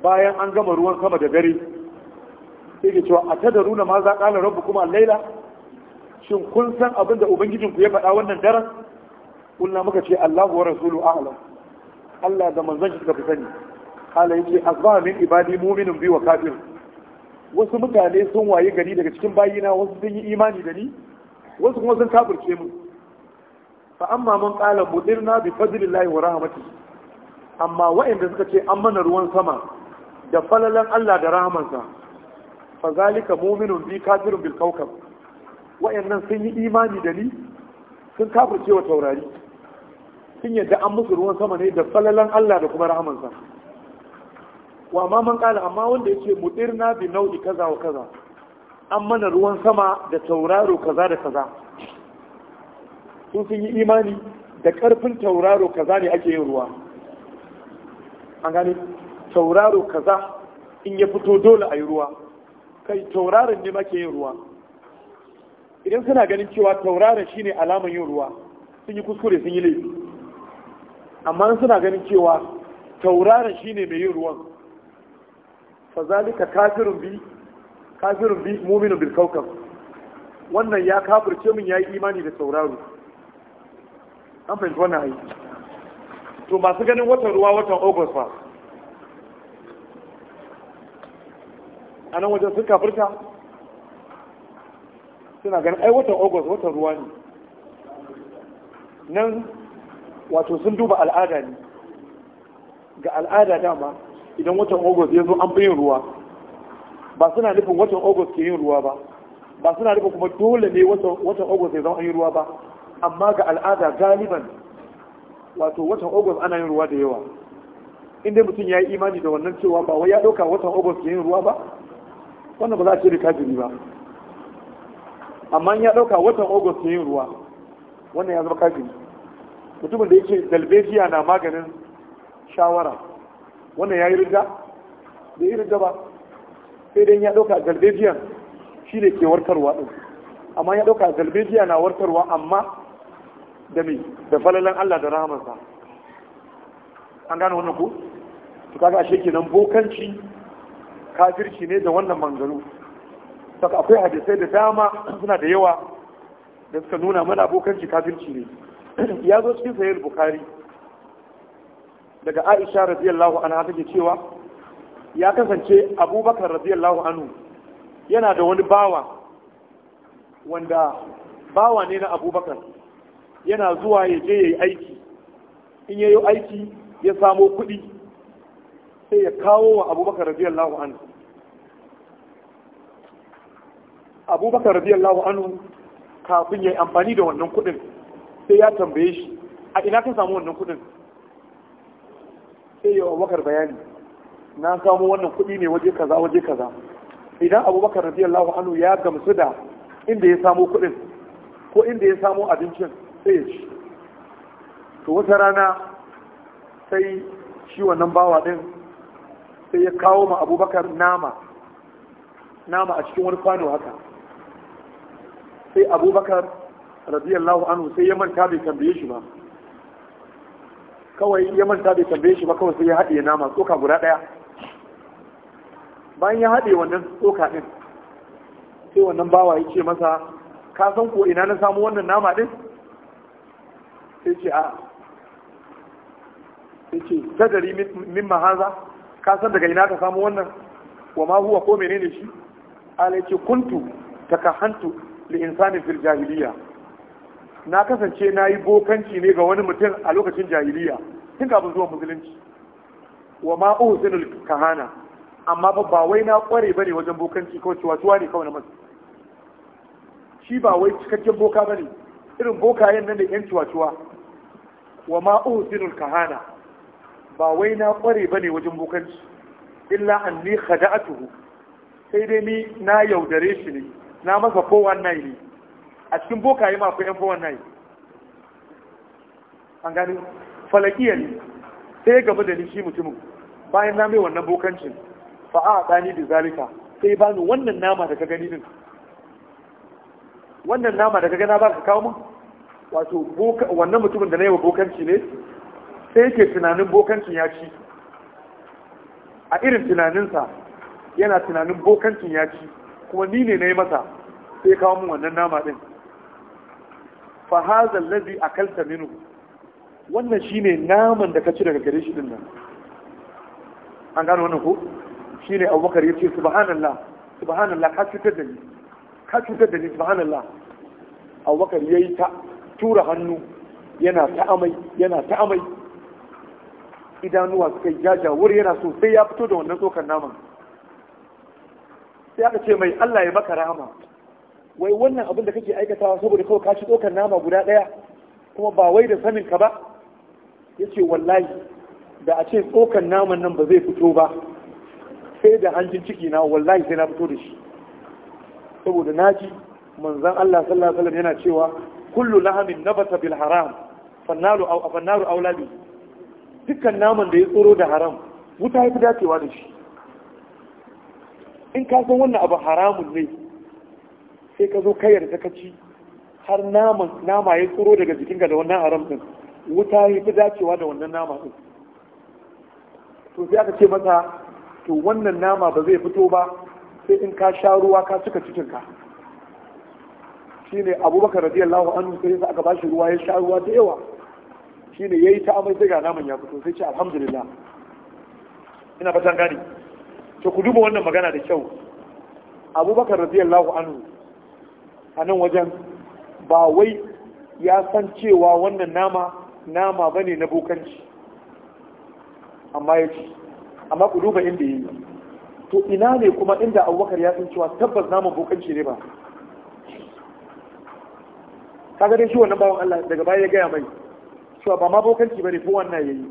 bayan an gama ruwan sama da dare yake cewa a tadaruna ma za qala rabbukum al-laila shin kun san abin da ku ya faɗa wannan daren kullum muka ce Allahu wa rasulu a'lam Allah da manzon shi suka fi sani kala yace azba min ibadi mu'minun bi wa kafirun wasu mutane sun waye gari daga cikin bayina wasu sun yi imani da ni wasu kuma sun kafirce mu fa amma man qala budirna bi fadlillahi wa rahmatihi amma wa'anda suka ce an mana ruwan sama da falalan Allah da rahamansa fa zalika mu'minun bi kafirun bil kawkab wa'annan sun yi imani da ni sun kafirce wa taurari sun yadda an musu ruwan sama ne da falalan Allah da kuma rahamansa wa ma man kala amma wanda yake mudirna bi nau'i kaza wa kaza an mana ruwan sama da tauraro kaza da kaza sun sun yi imani da karfin tauraro kaza ne ake yin ruwa an gane tauraro kaza in ya fito dole a yi ruwa kai tauraron ne make yin ruwa idan suna ganin cewa tauraron shine alaman yin ruwa sun yi kuskure sun yi laifi amma suna ganin cewa tauraron shine mai yin ruwan Fazalika zalika kafirun bi kafirun bi mu'minun bil kawkab wannan ya kafirce min yayi imani da sauraro an fahimci wannan ayi to masu ganin watan ruwa watan august ba a nan wajen sun kafirta suna ganin ai watan august watan ruwa ne nan wato sun duba al'ada ne ga al'ada dama idan watan august ya zo an fi yin ruwa ba suna nufin watan august ke yin ruwa ba ba suna nufin kuma dole ne watan august ya zama an yi ruwa ba amma ga al'ada galiban wato watan august ana yin ruwa da yawa inda mutum ya yi imani da wannan cewa ba wai ya ɗauka watan august ke yin ruwa ba wannan ba za a ce da ba amma ya ɗauka watan august ke yin ruwa wannan ya zama kajiri. mutumin da yake dalbejiya na maganin shawara wannan ya yi rida, da yi rida ba sai dai ya ɗauka galbejiya shi ne ke warkarwa ɗin amma ya ɗauka galbejiya na warkarwa amma da mai da falalan Allah da rahamarsa an gane wannan ku su kaga ashe kenan bokanci kafirci ne da wannan mangaru saka akwai hadisai da dama suna da yawa da suka nuna mana bokanci kafirci ne ya zo cikin sahih bukhari daga Aisha radiyallahu anha take cewa ya kasance Abubakar radiyallahu anhu yana da wani bawa wanda bawa ne na Abubakar yana zuwa ya je yayi aiki in yayi aiki ya samo kuɗi sai ya kawo wa Abubakar radiyallahu anhu Abubakar radiyallahu anhu kafin ya yi amfani da wannan kuɗin sai ya tambaye shi a ina ka samu wannan kuɗin sai yi abubakar bayani na samo wannan kuɗi ne waje kaza waje kaza idan abubakar radiyallahu anhu ya gamsu da inda ya samo kuɗin ko inda ya samo abincin sai ya ci to wata rana sai shi wannan bawa ɗin sai ya kawo ma abubakar nama nama a cikin wani kwano haka sai abubakar radiyallahu anhu sai ya manta bai tambaye shi ba kawai ya manta bai tambaye shi ba kawai sai ya haɗe nama tsoka guda ɗaya bayan ya haɗe wannan tsoka ɗin sai wannan bawa ya ce masa ka san ko ina na samu wannan nama ɗin sai ce a sai ce sadari min mahaza ka san daga ina ka samu wannan wa ma huwa ko menene shi ala ce kuntu takahantu li insani fil jahiliya na kasance na yi bokanci ne ga wani mutum a lokacin jahiliya tun kafin zuwa musulunci wa ma uhsinul kahana amma ba wai na kware bane wajen bokanci ko cewa ciwatuwa ne kawai na masu shi ba wai cikakken boka bane irin bokayen nan da yan ciwatuwa wa ma uhsinul kahana ba wai na kware bane wajen bokanci illa anni khada'atuhu sai dai ni na yaudare shi ne na masa kowa yi ne a cikin bokaye ma akwai yan fowar nayi an gani falakiya ne sai gaba da ni shi mutumin bayan na mai wannan bokancin fa'a a tsani da zalika sai ba ni wannan nama da ka gani din wannan nama da ka gana ba ka kawo min wato wannan mutumin da na yawa bokanci ne sai yake tunanin bokancin ya ci a irin tunaninsa yana tunanin bokancin ya ci kuma ni ne na yi masa sai kawo min wannan nama din fa hadha a kalta minu wannan shi ne naman da ka ci daga gare shi din nan an gano wannan ko ne, Abubakar yace subhanallah subhanallah ka cutar da ni ka cutar da ni subhanallah Abubakar yi ta tura hannu yana ta amai yana ta amai idanuwa suka yi wuri yana so sai ya fito da wannan tsokar naman sai aka ce mai Allah ya maka rahama wai wannan abin da kake aikatawa saboda kawai ka ci tsokar nama guda ɗaya kuma ba wai da sanin ka ba ya ce wallahi da a ce tsokar naman nan ba zai fito ba sai da hanjin ciki na wallahi sai na fito da shi saboda naji manzan Allah sallallahu alaihi yana cewa kullu lahamin nabata bil haram fannaru fannaru aulabi dukkan naman da ya tsoro da haram wuta ya fi dacewa da shi in ka san wannan abu haramun ne sai ka zo ka yarda ka ci har nama ya tsoro daga jikinka da wannan haram din wuta ya fi dacewa da wannan nama din to sai aka ce masa to wannan nama ba zai fito ba sai in ka sha ruwa ka cika cikinka shine abubakar radiyallahu anhu sai yasa aka bashi ruwa ya sha ruwa da yawa shine yayi ta amai sai ga naman ya fito sai ce alhamdulillah ina fatan gani to ku duba wannan magana da kyau abubakar radiyallahu anhu a nan wajen ba wai ya san cewa wannan nama nama bane na bokanci amma ya ci amma ku duba inda yi to ina ne kuma inda abubakar ya san cewa tabbas naman bokanci ne ba kaga dai shi wannan bawan Allah daga baya ya gaya mai cewa ba ma bokanci bane ko wannan yayi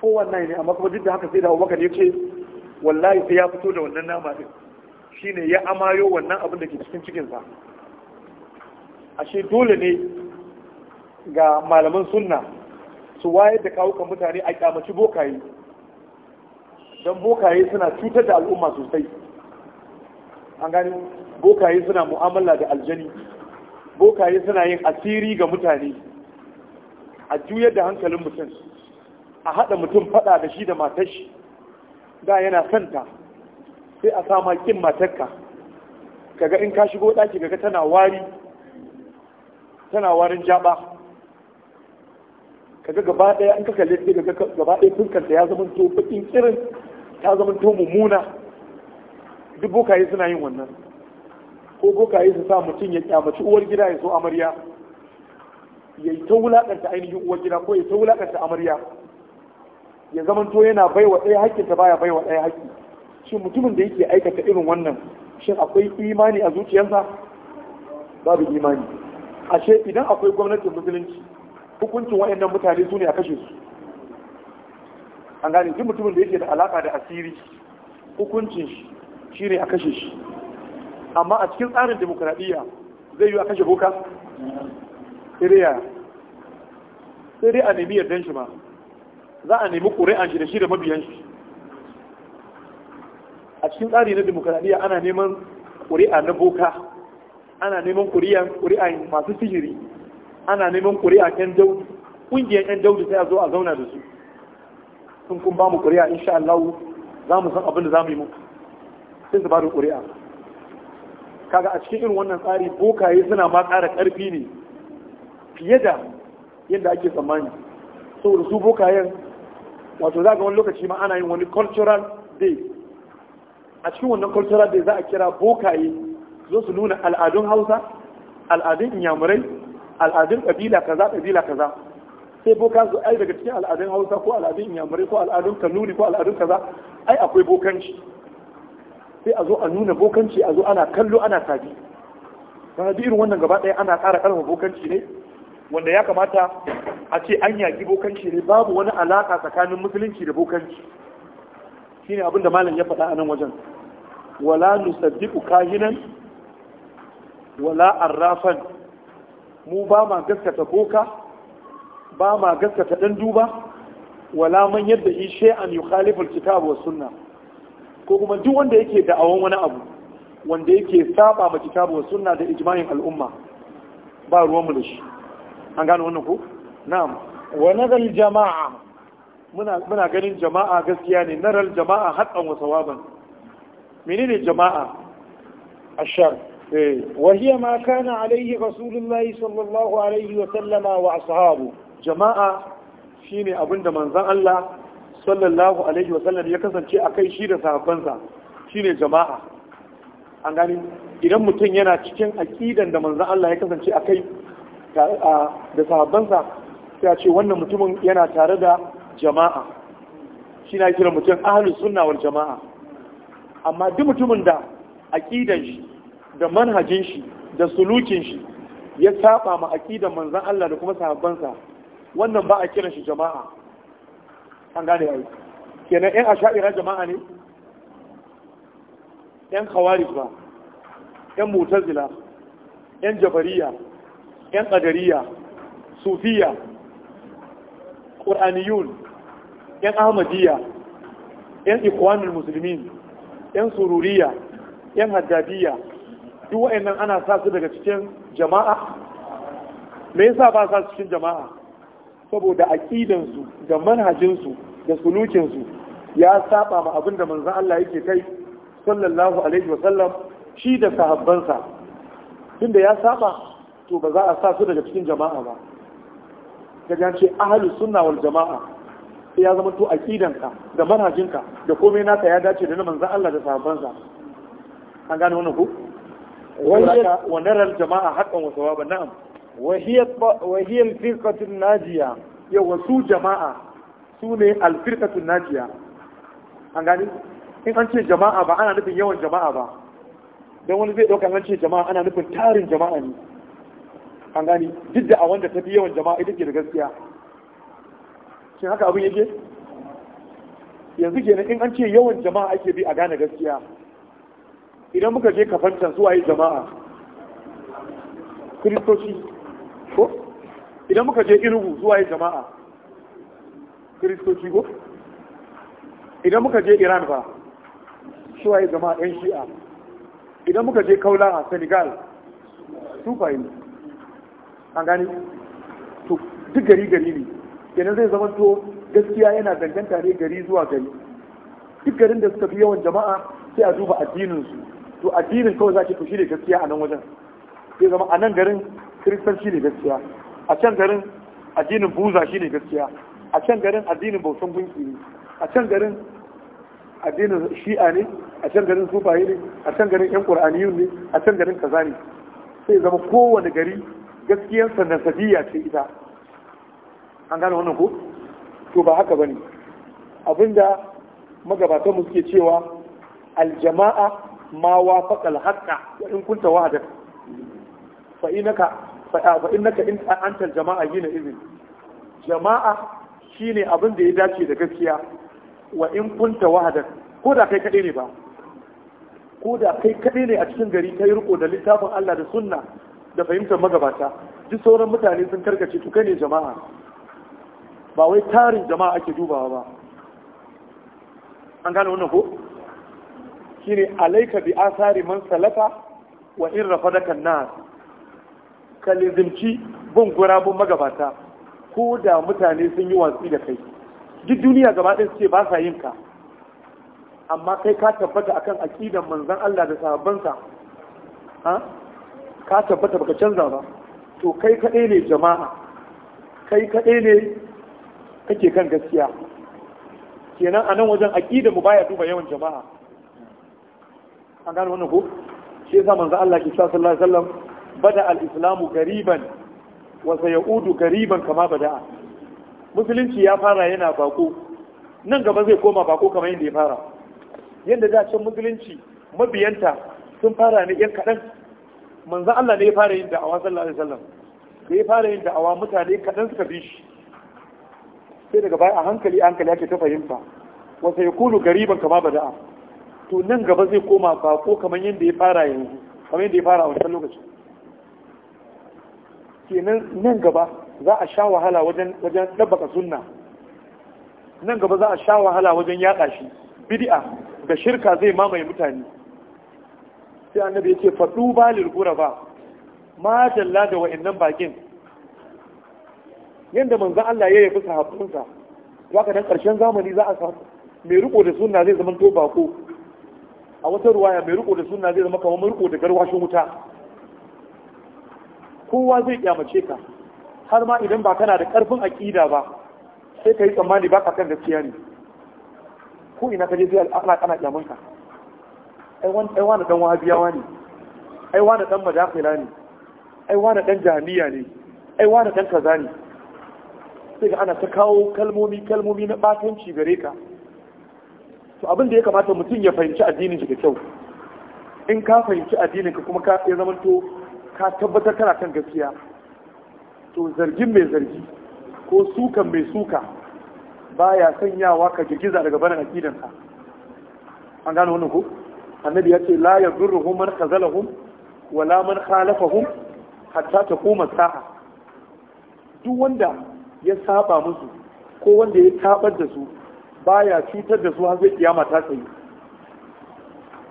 ko wannan ne amma kuma duk da haka sai da abubakar ya ce wallahi sai ya fito da wannan nama din shine ya amayo wannan abin da ke cikin cikinsa ashe dole ne ga malaman sunna su wayar da kawukan mutane a kyamaci bokaye don bokaye suna cutar da al'umma sosai an gani bokaye suna mu'amala da aljani bokaye suna yin asiri ga mutane a juyar da hankalin mutum a haɗa mutum faɗa da shi da matashi da yana santa sai a sama kin matarka kaga in ka shigo daki kaga tana wari tana warin jaba kaga gaba ɗaya in ka kalle sai kaga gaba ɗaya fuskar ta ya zama to bakin kirin ta zama to mumuna duk bokaye suna yin wannan ko bokaye su sa mutum ya kyamaci uwar gida ya so amarya ya yi ta wulakanta ainihin uwar gida ko ya ta wulakanta amarya ya zama to yana baiwa ɗaya ta baya baiwa ɗaya hakki shi mutumin da yake aikata irin wannan shin akwai imani a zuciyarsa babu imani ashe idan akwai gwamnatin musulunci hukuncin waɗannan mutane su ne a kashe su an gane duk mutumin da yake da alaka da asiri hukuncin shi shi ne a kashe shi amma a cikin tsarin demokradiyya zai yi a kashe boka sai dai a nemi yardan shi ma za a nemi ƙuri'an shi da shi da mabiyan shi a cikin tsari na demokradiyya ana neman ƙuri'a na boka ana neman ƙuri'a masu sihiri ana neman ƙuri'a ƴan daudu ƙungiyar ƴan daudu sai a zo a zauna da su sun kun bamu mu ƙuri'a insha Allah za mu san abin da za mu yi muku sai su ba da ƙuri'a kaga a cikin irin wannan tsari bokaye suna ma ƙara ƙarfi ne fiye da yadda ake tsammani saboda su bokayen wato za ga wani lokaci ma ana yin wani cultural day a cikin wannan cultural day za a kira bokaye zo su nuna al'adun hausa al'adun inyamurai al'adun ƙabila kaza ƙabila kaza sai boka su ai daga cikin al'adun hausa ko al'adun inyamurai ko al'adun kanuri ko al'adun kaza ai akwai bokanci sai a zo a nuna bokanci a zo ana kallo ana tabi kana bi irin wannan gaba ɗaya ana ƙara ƙarfa bokanci ne wanda ya kamata a ce an yaƙi bokanci ne babu wani alaƙa tsakanin musulunci da bokanci shine abin da malam ya faɗa a nan wajen wala nusaddiqu kahinan wala arrafan mu ba ma gaskata boka ba ma gaskata dan duba wala man yadda yi shay'an yukhalifu alkitab was sunna ko kuma duk wanda yake da'awan wani abu wanda yake saba ma kitabu was sunna da ijma'in al'umma ba ruwan mu da shi an gano wannan ko na'am wa nazal jama'a muna ganin jama'a gaskiya ne na ral jama'a haɗan wasa waban menene jama'a a shar eh. wahiya ma kana alaihi rasulullahi sallallahu alaihi wa sallama wa ashabu jama'a shine abin da manzon Allah sallallahu alaihi wa sallam ya kasance a kai shi da sahabbansa shine jama'a an gani idan mutum yana cikin aqidan da manzon Allah ya kasance a kai da sahabbansa sai a ce wannan mutumin yana tare da jama'a shi na kira mutum ahalin sunnawar jama'a amma duk mutumin da aƙidan shi da manhajin shi da sulukin shi ya saba ma aqidan manzan Allah da kuma sahabbansa wannan ba a kiran shi jama'a an gane ai kenan ɗan asha'ira jama'a ne ɗan khawarij ba ɗan mutazila ɗan jabariya ɗan qadariya sufiya qur'aniyun yan ahmadiyya yan ikwanul musulmin yan sururiya yan haddadiyya duk wa'annan ana sa su daga cikin jama'a me yasa ba sa cikin jama'a saboda aƙidansu, da manhajinsu da sulukinsu ya saba ma abinda manzan Allah yake kai sallallahu alaihi wa sallam shi da sahabbansa tunda ya saba to ba za a sa su daga cikin jama'a ba Gajance ahalus ahlus sunna wal jama'a sai ya zama to aqidanka da manhajinka da komai naka ya dace da na manzon Allah da sahabbansa an gane wannan ku wa naral jama'a haqqan wa sawaba na'am wa hiya wa hiya al-firqatu an-najiya ya wasu jama'a su ne al-firqatu an-najiya an gane in an ce jama'a ba ana nufin yawan jama'a ba don wani zai dauka an ce jama'a ana nufin tarin jama'a ne an gane duk da a wanda ta fi yawan jama'a ita ke da gaskiya shin haka abin yake yanzu kenan in an ce yawan jama'a ake bi a gane gaskiya idan muka je kafanta su waye jama'a kiristoci ko idan muka je irugu su waye jama'a kiristoci ko idan muka je iran ba su waye jama'a yan shi'a idan muka je kaula a senegal su fayi an gani to duk gari gari ne kenan zai zama to gaskiya yana danganta ne gari zuwa gari duk garin da suka fi yawan jama'a sai a duba addinin su to addinin kawai zaki to shine gaskiya a nan wajen Sai zama a nan garin kristan ne gaskiya a can garin addinin buza shine gaskiya a can garin addinin bautan gunki ne a can garin addinin shi'a ne a can garin sufaye ne a can garin yan qur'aniyun ne a can garin kaza ne sai zama kowane gari gaskiyar sannan ce ita an gane wannan ko to ba haka bane abinda magabatan mu suke cewa aljama'a ma wafaqa alhaqqa wa in kunta wahdak fa innaka fa ah, innaka in anta aljama'a hina idin jama'a shine abin da ya dace da gaskiya wa in kunta wahdak ko da kai kadai ne ba ko da kai kadai ne a cikin gari kai riko da littafin Allah da sunna da fahimtar magabata duk sauran mutane sun karkace to kai ne jama'a ba wai tarin jama'a ake dubawa ba an gane wannan ko shine alaika bi asari man salafa wa in rafadaka nas ka bun bin gurabun magabata ko da mutane sun yi watsi da kai duk duniya gaba ɗaya suke ba sa yin ka amma kai ka tabbata akan aqidan manzon Allah da sahabbansa ha ka tabbata baka canza ba to kai kaɗai ne jama'a kai kaɗai ne kake kan gaskiya kenan a nan wajen aƙida mu baya duba yawan jama'a an gano wannan ko shi yasa manzo Allah ki sallallahu alaihi wasallam bada al-islamu gariban wa sayaudu gariban kama bada. musulunci ya fara yana bako nan gaba zai koma bako kamar yadda ya fara yadda da can musulunci mabiyanta sun fara ne yan kaɗan manzo Allah ne ya fara yin da'awa sallallahu alaihi wasallam da ya fara yin da'awa mutane kaɗan suka bi shi sai daga baya a hankali hankali ake ta fahimta wasa ya kulu gariban kama bada'a to nan gaba zai koma ko kamar yadda ya fara yanzu kamar yadda ya fara a wancan lokaci Ke nan gaba za a sha wahala wajen wajen dabbaka sunna nan gaba za a sha wahala wajen yada shi bid'a da shirka zai mamaye mutane sai annabi yake faɗu balil lil ba ma jalla da wa'annan bakin yadda manzan Allah ya yabi sahabbansa to ka nan ƙarshen zamani za a samu mai riko da sunna zai zama to bako a wata ruwaya mai riko da sunna zai zama kamar riko da garwashin wuta kowa zai kyamace ka har ma idan ba kana da ƙarfin aƙida ba sai ka yi tsammani ba ka kan gaskiya ne ko ina ka je zai ana kana kyaman ka ai wani dan wahabiyawa ne ai wani dan madakhila ne ai wani dan ne ai wani dan kaza ne sai ga ana ta kawo kalmomi kalmomi na batanci gare ka to abin da ya kamata mutum ya fahimci addinin shi da kyau in ka fahimci addinin ka kuma ka ya to ka tabbatar kana kan gaskiya to zargin mai zargi ko sukan mai suka baya sanyawa ka girgiza daga barin ka an gano wannan ko annabi ya ce la yadurruhum man khazalahum wala man khalafahum hatta taquma sa'a duk wanda ya saba musu ko wanda ya tabar da su baya cutar da su har zai kiyama ta tsaye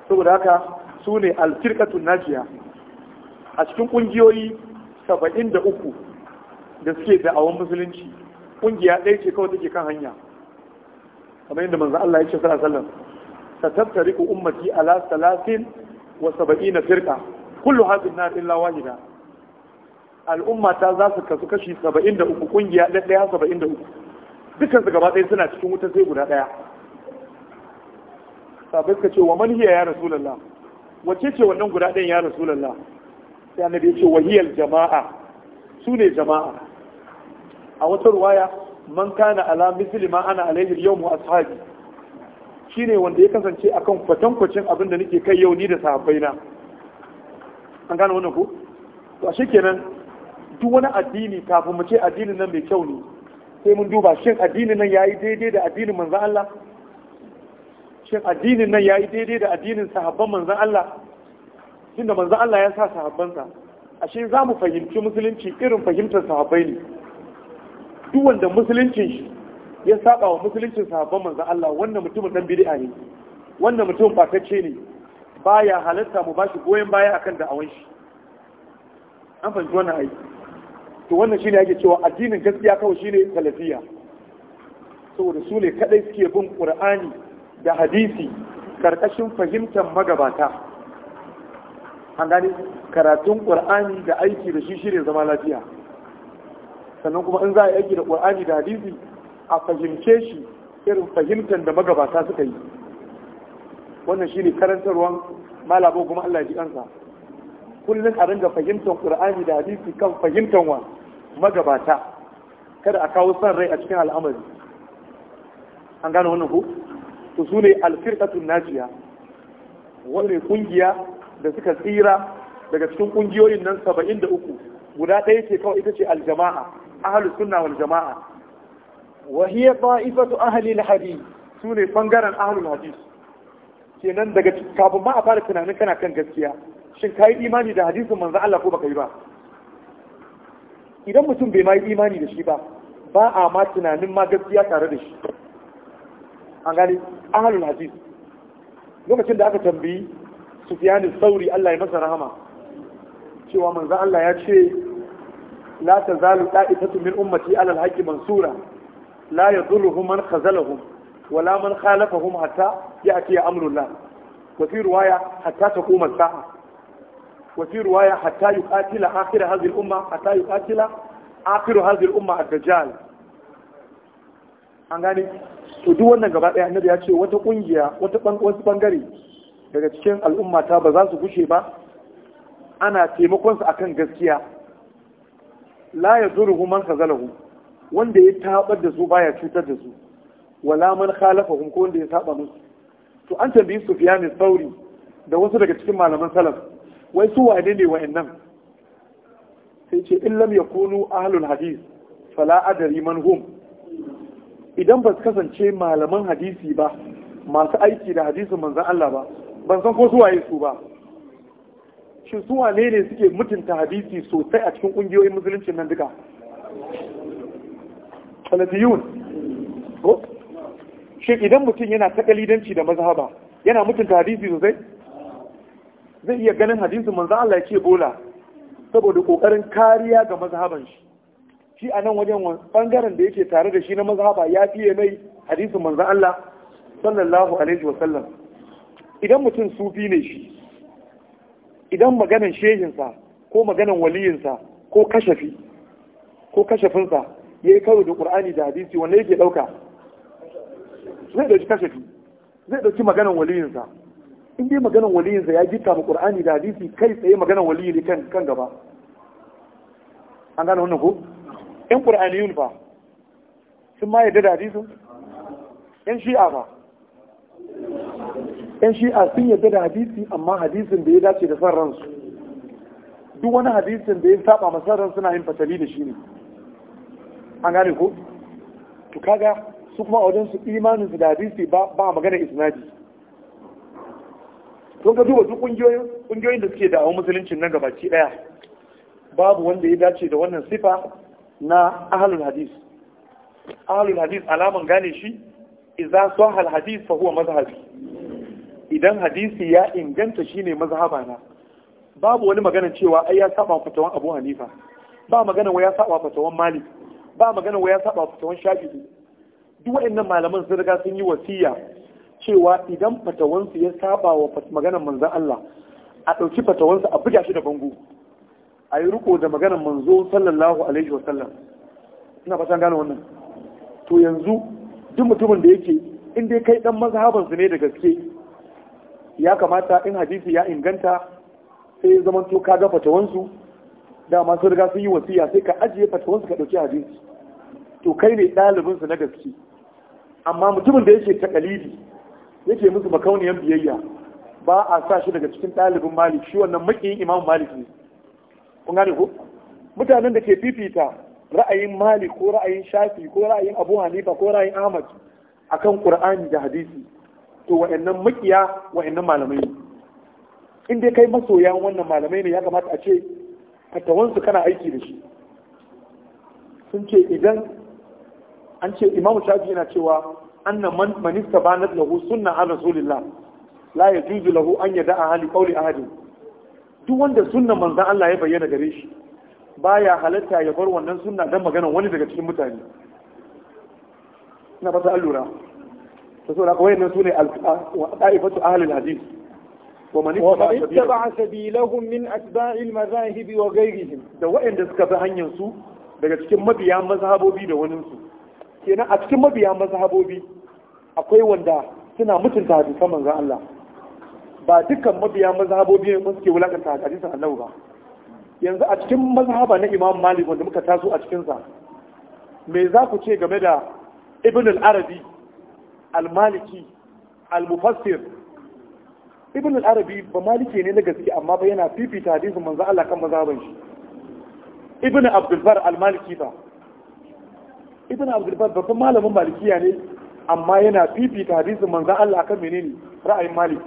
saboda haka su ne alfirkatun najiya a cikin kungiyoyi saba'in da uku da suke musulunci kungiya ɗaya ce kawai take kan hanya kamar yadda manzo Allah ya ce sallallahu alaihi wasallam ku ummati ala salasin wa saba'ina firqa kullu hadhihi nar illa wahida al'ummata za su kasu kashi saba'in da uku ƙungiya ɗaya saba'in da uku dukkan su gaba ɗaya suna cikin wuta sai guda ɗaya sabai suka ce wa man hiya ya rasulullah wace ce wannan guda ɗayan ya rasulullah sai annabi ya ce wahiyal jama'a su ne jama'a a wata ruwaya man kana ala misli ma ana alaihi yau mu ashabi shine wanda ya kasance akan kwatankwacin abin da nake kai yau ni da sahabbaina an gane wannan ko to kenan duk wani addini kafin mu ce addinin nan mai kyau ne sai mun duba shin addinin nan yayi daidai da addinin manzon Allah shin addinin nan yayi daidai da addinin sahabban manzon Allah tunda manzon Allah ya sa sahabbansa ashe za mu fahimci musulunci irin fahimtar sahabbai ne duk wanda musuluncin shi ya saba wa musuluncin sahabban manzon Allah wannan mutumin dan bid'a ne wannan mutum batacce ne baya halatta mu bashi goyen baya akan da'awan shi an fahimci wannan aiki to wannan shine ake cewa addinin gaskiya kawai shine salafiya saboda su ne kadai suke bin qur'ani da hadisi karkashin fahimtar magabata an gani karatun qur'ani da aiki da shi shine zama lafiya sannan kuma in za a yi aiki da qur'ani da hadisi a fahimce shi irin fahimtar da magabata suka yi wannan shine karantarwan malabo kuma Allah ya ji kansa kullum a ringa fahimtar qur'ani da hadisi kan fahimtar wa magabata kada a kawo son rai a cikin al'amari an gano wannan ku to su ne alfirqatun najiya wani kungiya da suka tsira daga cikin kungiyoyin nan saba'in da uku guda ɗaya ce kawai ita ce aljama'a ahalus sunna wal jama'a wa hiya ta'ifatu ahli al hadith su ne bangaren ahlul hadith kenan daga kafin ma a fara tunanin kana kan gaskiya shin ka yi imani da hadisin manzo Allah ko baka yi ba idan mutum bai ma yi imani da shi ba ba a ma tunanin ma gaskiya tare da shi an gani ahalul hadis lokacin da aka tambayi sufyanu sauri Allah ya masa rahama cewa manzo Allah ya ce la tazalu da'ifatu min ummati ala al-haqqi mansura la yadhurruhum man khazalahum wala man khalafahum hatta ya'ti amrullah wa fi riwaya hatta taqum as-sa'a وفي رواية حتى يقاتل آخر هذه الأمة حتى يقاتل آخر هذه الأمة الدجال an gane to duk wannan gaba ɗaya annabi ya ce wata ƙungiya wata wasu bangare daga cikin al'ummata ba za su gushe ba ana taimakon su akan gaskiya la yazuruhu man zalahu, wanda ya tabar da su baya cutar da su wala man khalafahum ko wanda ya saba musu to an tambayi Sufyan al-Thawri da wasu daga cikin malaman salaf wai su wane ne nan? sai ce in lam kunu ahlul hadis fala adari man hum idan ba su kasance malaman hadisi ba masu aiki da hadisin manzan Allah ba ban san ko su waye su ba shin su wane ne suke mutunta hadisi sosai a cikin kungiyoyin musulunci nan duka salafiyun shi shin idan mutum yana takalidanci da mazhaba yana mutunta hadisi sosai zai iya ganin hadisu manzo Allah ya ce bola saboda kokarin kariya ga mazhaban shi shi a nan wajen bangaren da yake tare da shi na mazhaba ya fiye mai hadisu manzo Allah sallallahu alaihi wasallam idan mutum sufi ne shi idan maganan shehinsa ko maganan waliyinsa ko kashafi ko kashafinsa ya yi karo da Al-Qur'ani da hadisi wanda yake ɗauka zai ɗauki kashafi zai ɗauki maganan waliyinsa in dai maganan waliyinsa ya gita mu qur'ani da hadisi kai tsaye maganan waliyi ne kan kan gaba an gane wannan ko yan yun fa sun ma yadda da hadisin yan shi'a fa yan shi'a sun yadda da hadisi amma hadisin da ya dace da san ransu duk wani hadisin da ya saba ma ran suna yin fatali da shi ne an gane ko to kaga su kuma a wajen su imanin su da hadisi ba magana isnadi don ka duba duk kungiyoyin da suke da'awun musuluncin nan gabaki daya babu wanda ya dace da wannan sifa na ahlul hadis ahlul hadis alaman gane shi idza sahha al hadis fa huwa mazhabi idan hadisi ya inganta shine mazhaba na babu wani magana cewa ai ya saba fatawan Abu Hanifa ba magana wa ya saba fatawan Malik ba magana wa ya saba fatawan Shafi'i duk waɗannan malaman sun riga sun yi wasiya cewa idan fatawansu ya saba wa maganar manzan Allah a ɗauki fatawansu a buga shi da bango a yi riko da maganar manzo sallallahu alaihi wa sallam ina fatan gane wannan to yanzu duk mutumin da yake in dai kai dan mazhabansu ne da gaske ya kamata in hadisi ya inganta sai ya zama to ka ga fatawansu da masu riga sun yi wasiya sai ka ajiye fatawansu ka ɗauki hadisi to kai ne ɗalibinsu na gaske amma mutumin da yake takalidi yake musu makauniyan biyayya ba a sa shi daga cikin ɗalibin malik shi wannan makiyin imam malik ne kun gane ko mutanen da ke fifita ra'ayin malik ko ra'ayin shafi ko ra'ayin abu hanifa ko ra'ayin ahmad akan qur'ani da hadisi to wa'annan makiya wa'annan malamai ne in dai kai masoya wannan malamai ne ya kamata a ce fatawansu kana aiki da shi sun ce idan an ce imamu shafi yana cewa anna man man istabanat lahu sunna an rasulillah la yajuzu lahu an yada'a hali qawli ahadin duk wanda sunnan manzon Allah ya bayyana gare shi baya halatta ya bar wannan sunna dan maganar wani daga cikin mutane ina fata allura ta so da kawai nan sune al-qa'ifatu ahlul hadith ومن اتبع سبيلهم من اتباع المذاهب وغيرهم da wa'anda suka fi hanyar su daga cikin mabiya mazhabobi da wani su kenan a cikin mabiya mazhabobi akwai wanda suna mutunta hadisan manzon Allah ba dukkan mabiya mazhabobi ne suke wulakanta hadisan Allah ba yanzu a cikin mazhaba na Imam Malik wanda muka taso a cikin sa me za ku ce game da Ibn al-Arabi al-Maliki al-Mufassir Ibn al-Arabi ba maliki ne na gaske amma ba yana fifita hadisin manzon Allah kan mazhaban shi Ibn Abdul Bar al-Maliki ba ibn abdulbar babban malamin malikiya ne amma yana fifita hadisin manzo Allah akan menene ra'ayin malik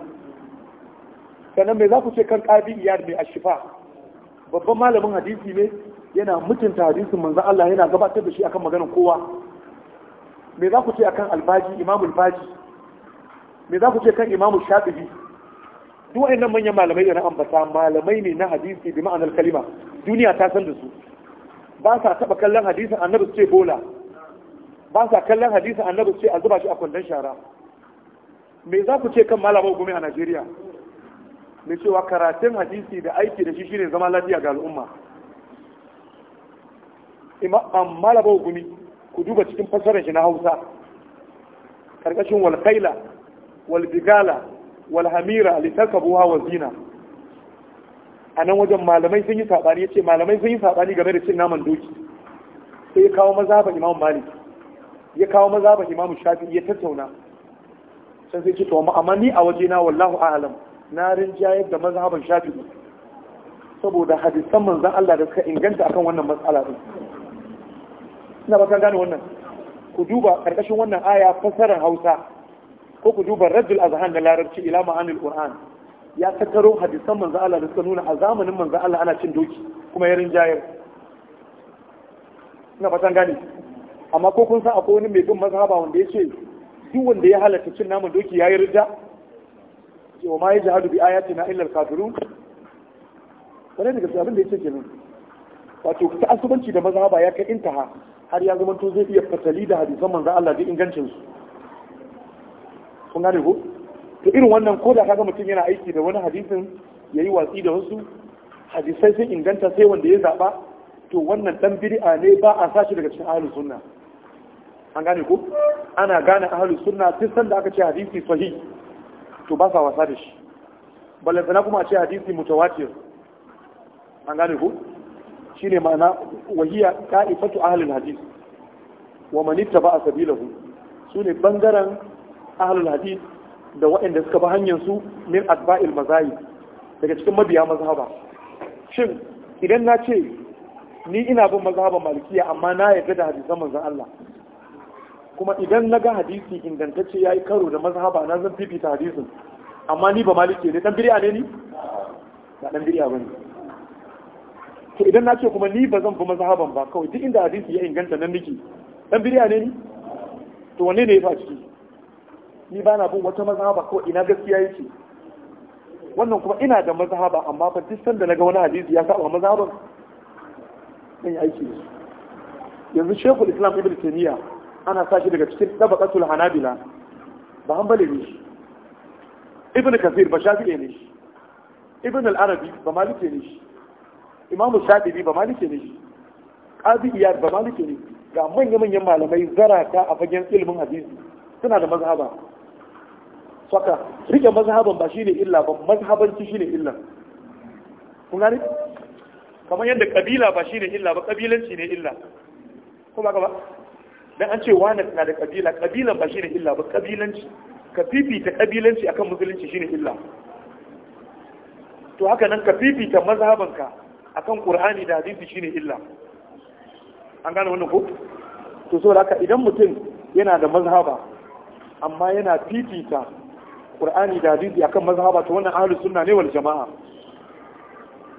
sannan me za ku ce kan qadi iyad mai ashifa babban malamin hadisi ne yana mutunta hadisin manzo Allah yana gabatar da shi akan maganar kowa me za ku ce akan albaji imamu albaji me za ku ce kan imamu shafi'i duk waɗannan manyan malamai da na ambata malamai ne na hadisi bi ma'anar kalima duniya ta san da su ba sa taɓa kallon hadisin annabi su ce bola ba sa kallon hadisin annabi ce a zuba shi a kwandon shara me za ku ce kan malaman gumi a najeriya mai cewa karatun hadisi da aiki da shi shine zama lafiya ga al'umma imam malaman gumi ku duba cikin fassarar shi na hausa karkashin walkaila walbigala walhamira litarkabuha wa zina a nan wajen malamai sun yi saɓani ya ce malamai sun yi saɓani game da cin naman doki sai ya kawo maza ba imam maliki ya kawo mazhaban imamu shafi ya tattauna sai sai ce to amma ni a waje na wallahu a'lam na rinjayar da mazhaban shafi'i saboda hadisan manzon Allah da suka inganta akan wannan matsala din ina ba kan gane wannan ku duba karkashin wannan aya fasarar Hausa ko ku duba Raddul Azhan da Larabci ila ma'anil Qur'an ya tattaro hadisan manzon Allah da suka nuna a zamanin manzon Allah ana cin doki kuma ya rinjayar ina ba kan gane amma ko kun san akwai wani mai bin mazhaba wanda ya ce duk wanda ya halatta cin naman doki ya yi rida cewa ma ya jihadu bi ayati na illar kafirun kare daga gaske abin da ya ce kenan wato ta asubanci da mazhaba ya kai intaha har ya zama to zai iya fatali da hadisan manzo Allah da ingancin su kun gane ko to irin wannan ko da kaga mutum yana aiki da wani hadisin yayi watsi da wasu hadisai sai inganta sai wanda ya zaba to wannan dan bid'a ne ba a sashi daga cikin ahlus sunna an gane ku? ana gane ahalu sunna san da aka ce hadisi sahi to ba sa wasa da shi sana kuma a ce hadisi mutawatir an gane Shi shine ma'ana wahiya ka'ifatu ahli hadis wa man ittaba sabilahu sune bangaren ahli hadis da waɗanda suka ba hanyar su min atba'il mazahib daga cikin mabiya mazhaba shin idan na ce ni ina bin mazhaban malikiya amma na yarda da hadisan manzon Allah kuma idan na ga hadisi ingantacce ya yi karo da mazhaba na zan fifita hadisin amma ni ba maliki ne dan biriya ne ni ba dan biriya bane to idan na ce kuma ni ba zan bi mazhaban ba kawai duk inda hadisi ya inganta nan miki, dan biriya ne ni to wanne ne ya fa ciki ni ba na bin wata mazhaba ko ina gaskiya yake wannan kuma ina da mazhaba amma ba duk sanda naga wani hadisi ya saba mazhaban zan yi aiki yanzu shekul islam ibnu taymiya ana sa shi daga cikin tabaqatul hanabila ba hanbali ne shi ibn kafir ba shafi'i ne shi ibn al ba maliki ne shi imam shafi'i ba maliki ne shi ƙazi iyad ba maliki ne ga manya-manyan malamai zarata a fagen ilimin hadisi suna da mazhaba saka rike mazhaban ba shine illa ba mazhabanci shine illa kun gani kamar yadda kabila ba shine illa ba kabilanci ne illa ko ba ka ba dan an ce wani na da kabila kabilan ba shi ne illa ba kabilanci ka fifita kabilanci akan musulunci shine illa to haka nan ka fifita mazhabanka akan qur'ani da hadisi shine illa an gane wannan ko to saboda haka idan mutum yana da mazhaba amma yana fifita qur'ani da hadisi akan mazhaba to wannan ahlus sunna ne wal jama'a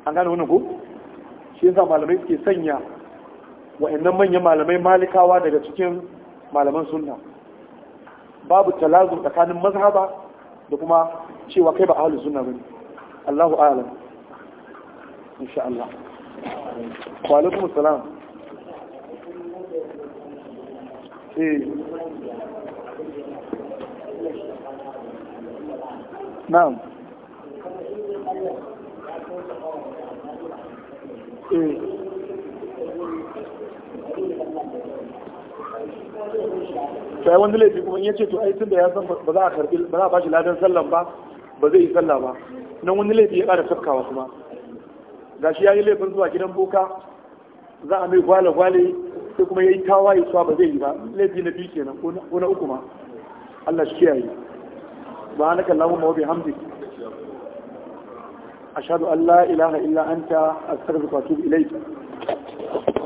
an gane wannan ko shi yasa malamai suke sanya wa'annan manyan malamai malikawa daga cikin malaman sunna babu Talazu tsakanin mazhaba da kuma cewa kai ba ahlus sunna bane Allahu a'lam insha Allah wa alaikum assalam eh. na'am eh sai wani laifi kuma in yace to ai tunda ya san ba za a karbi ba za a bashi ladan sallan ba ba zai yi sallah ba nan wani laifi ya ƙara tafkawa kuma gashi ya yi laifin zuwa gidan boka za a mai gwale gwale sai kuma ya yi tawaye suwa ba zai yi ba laifi na biyu kenan ko na uku ma Allah shi kiyaye ba na kallahu ma wabi hamdi ashadu Allah la ilaha illa anta astaghfiruka wa atubu ilayk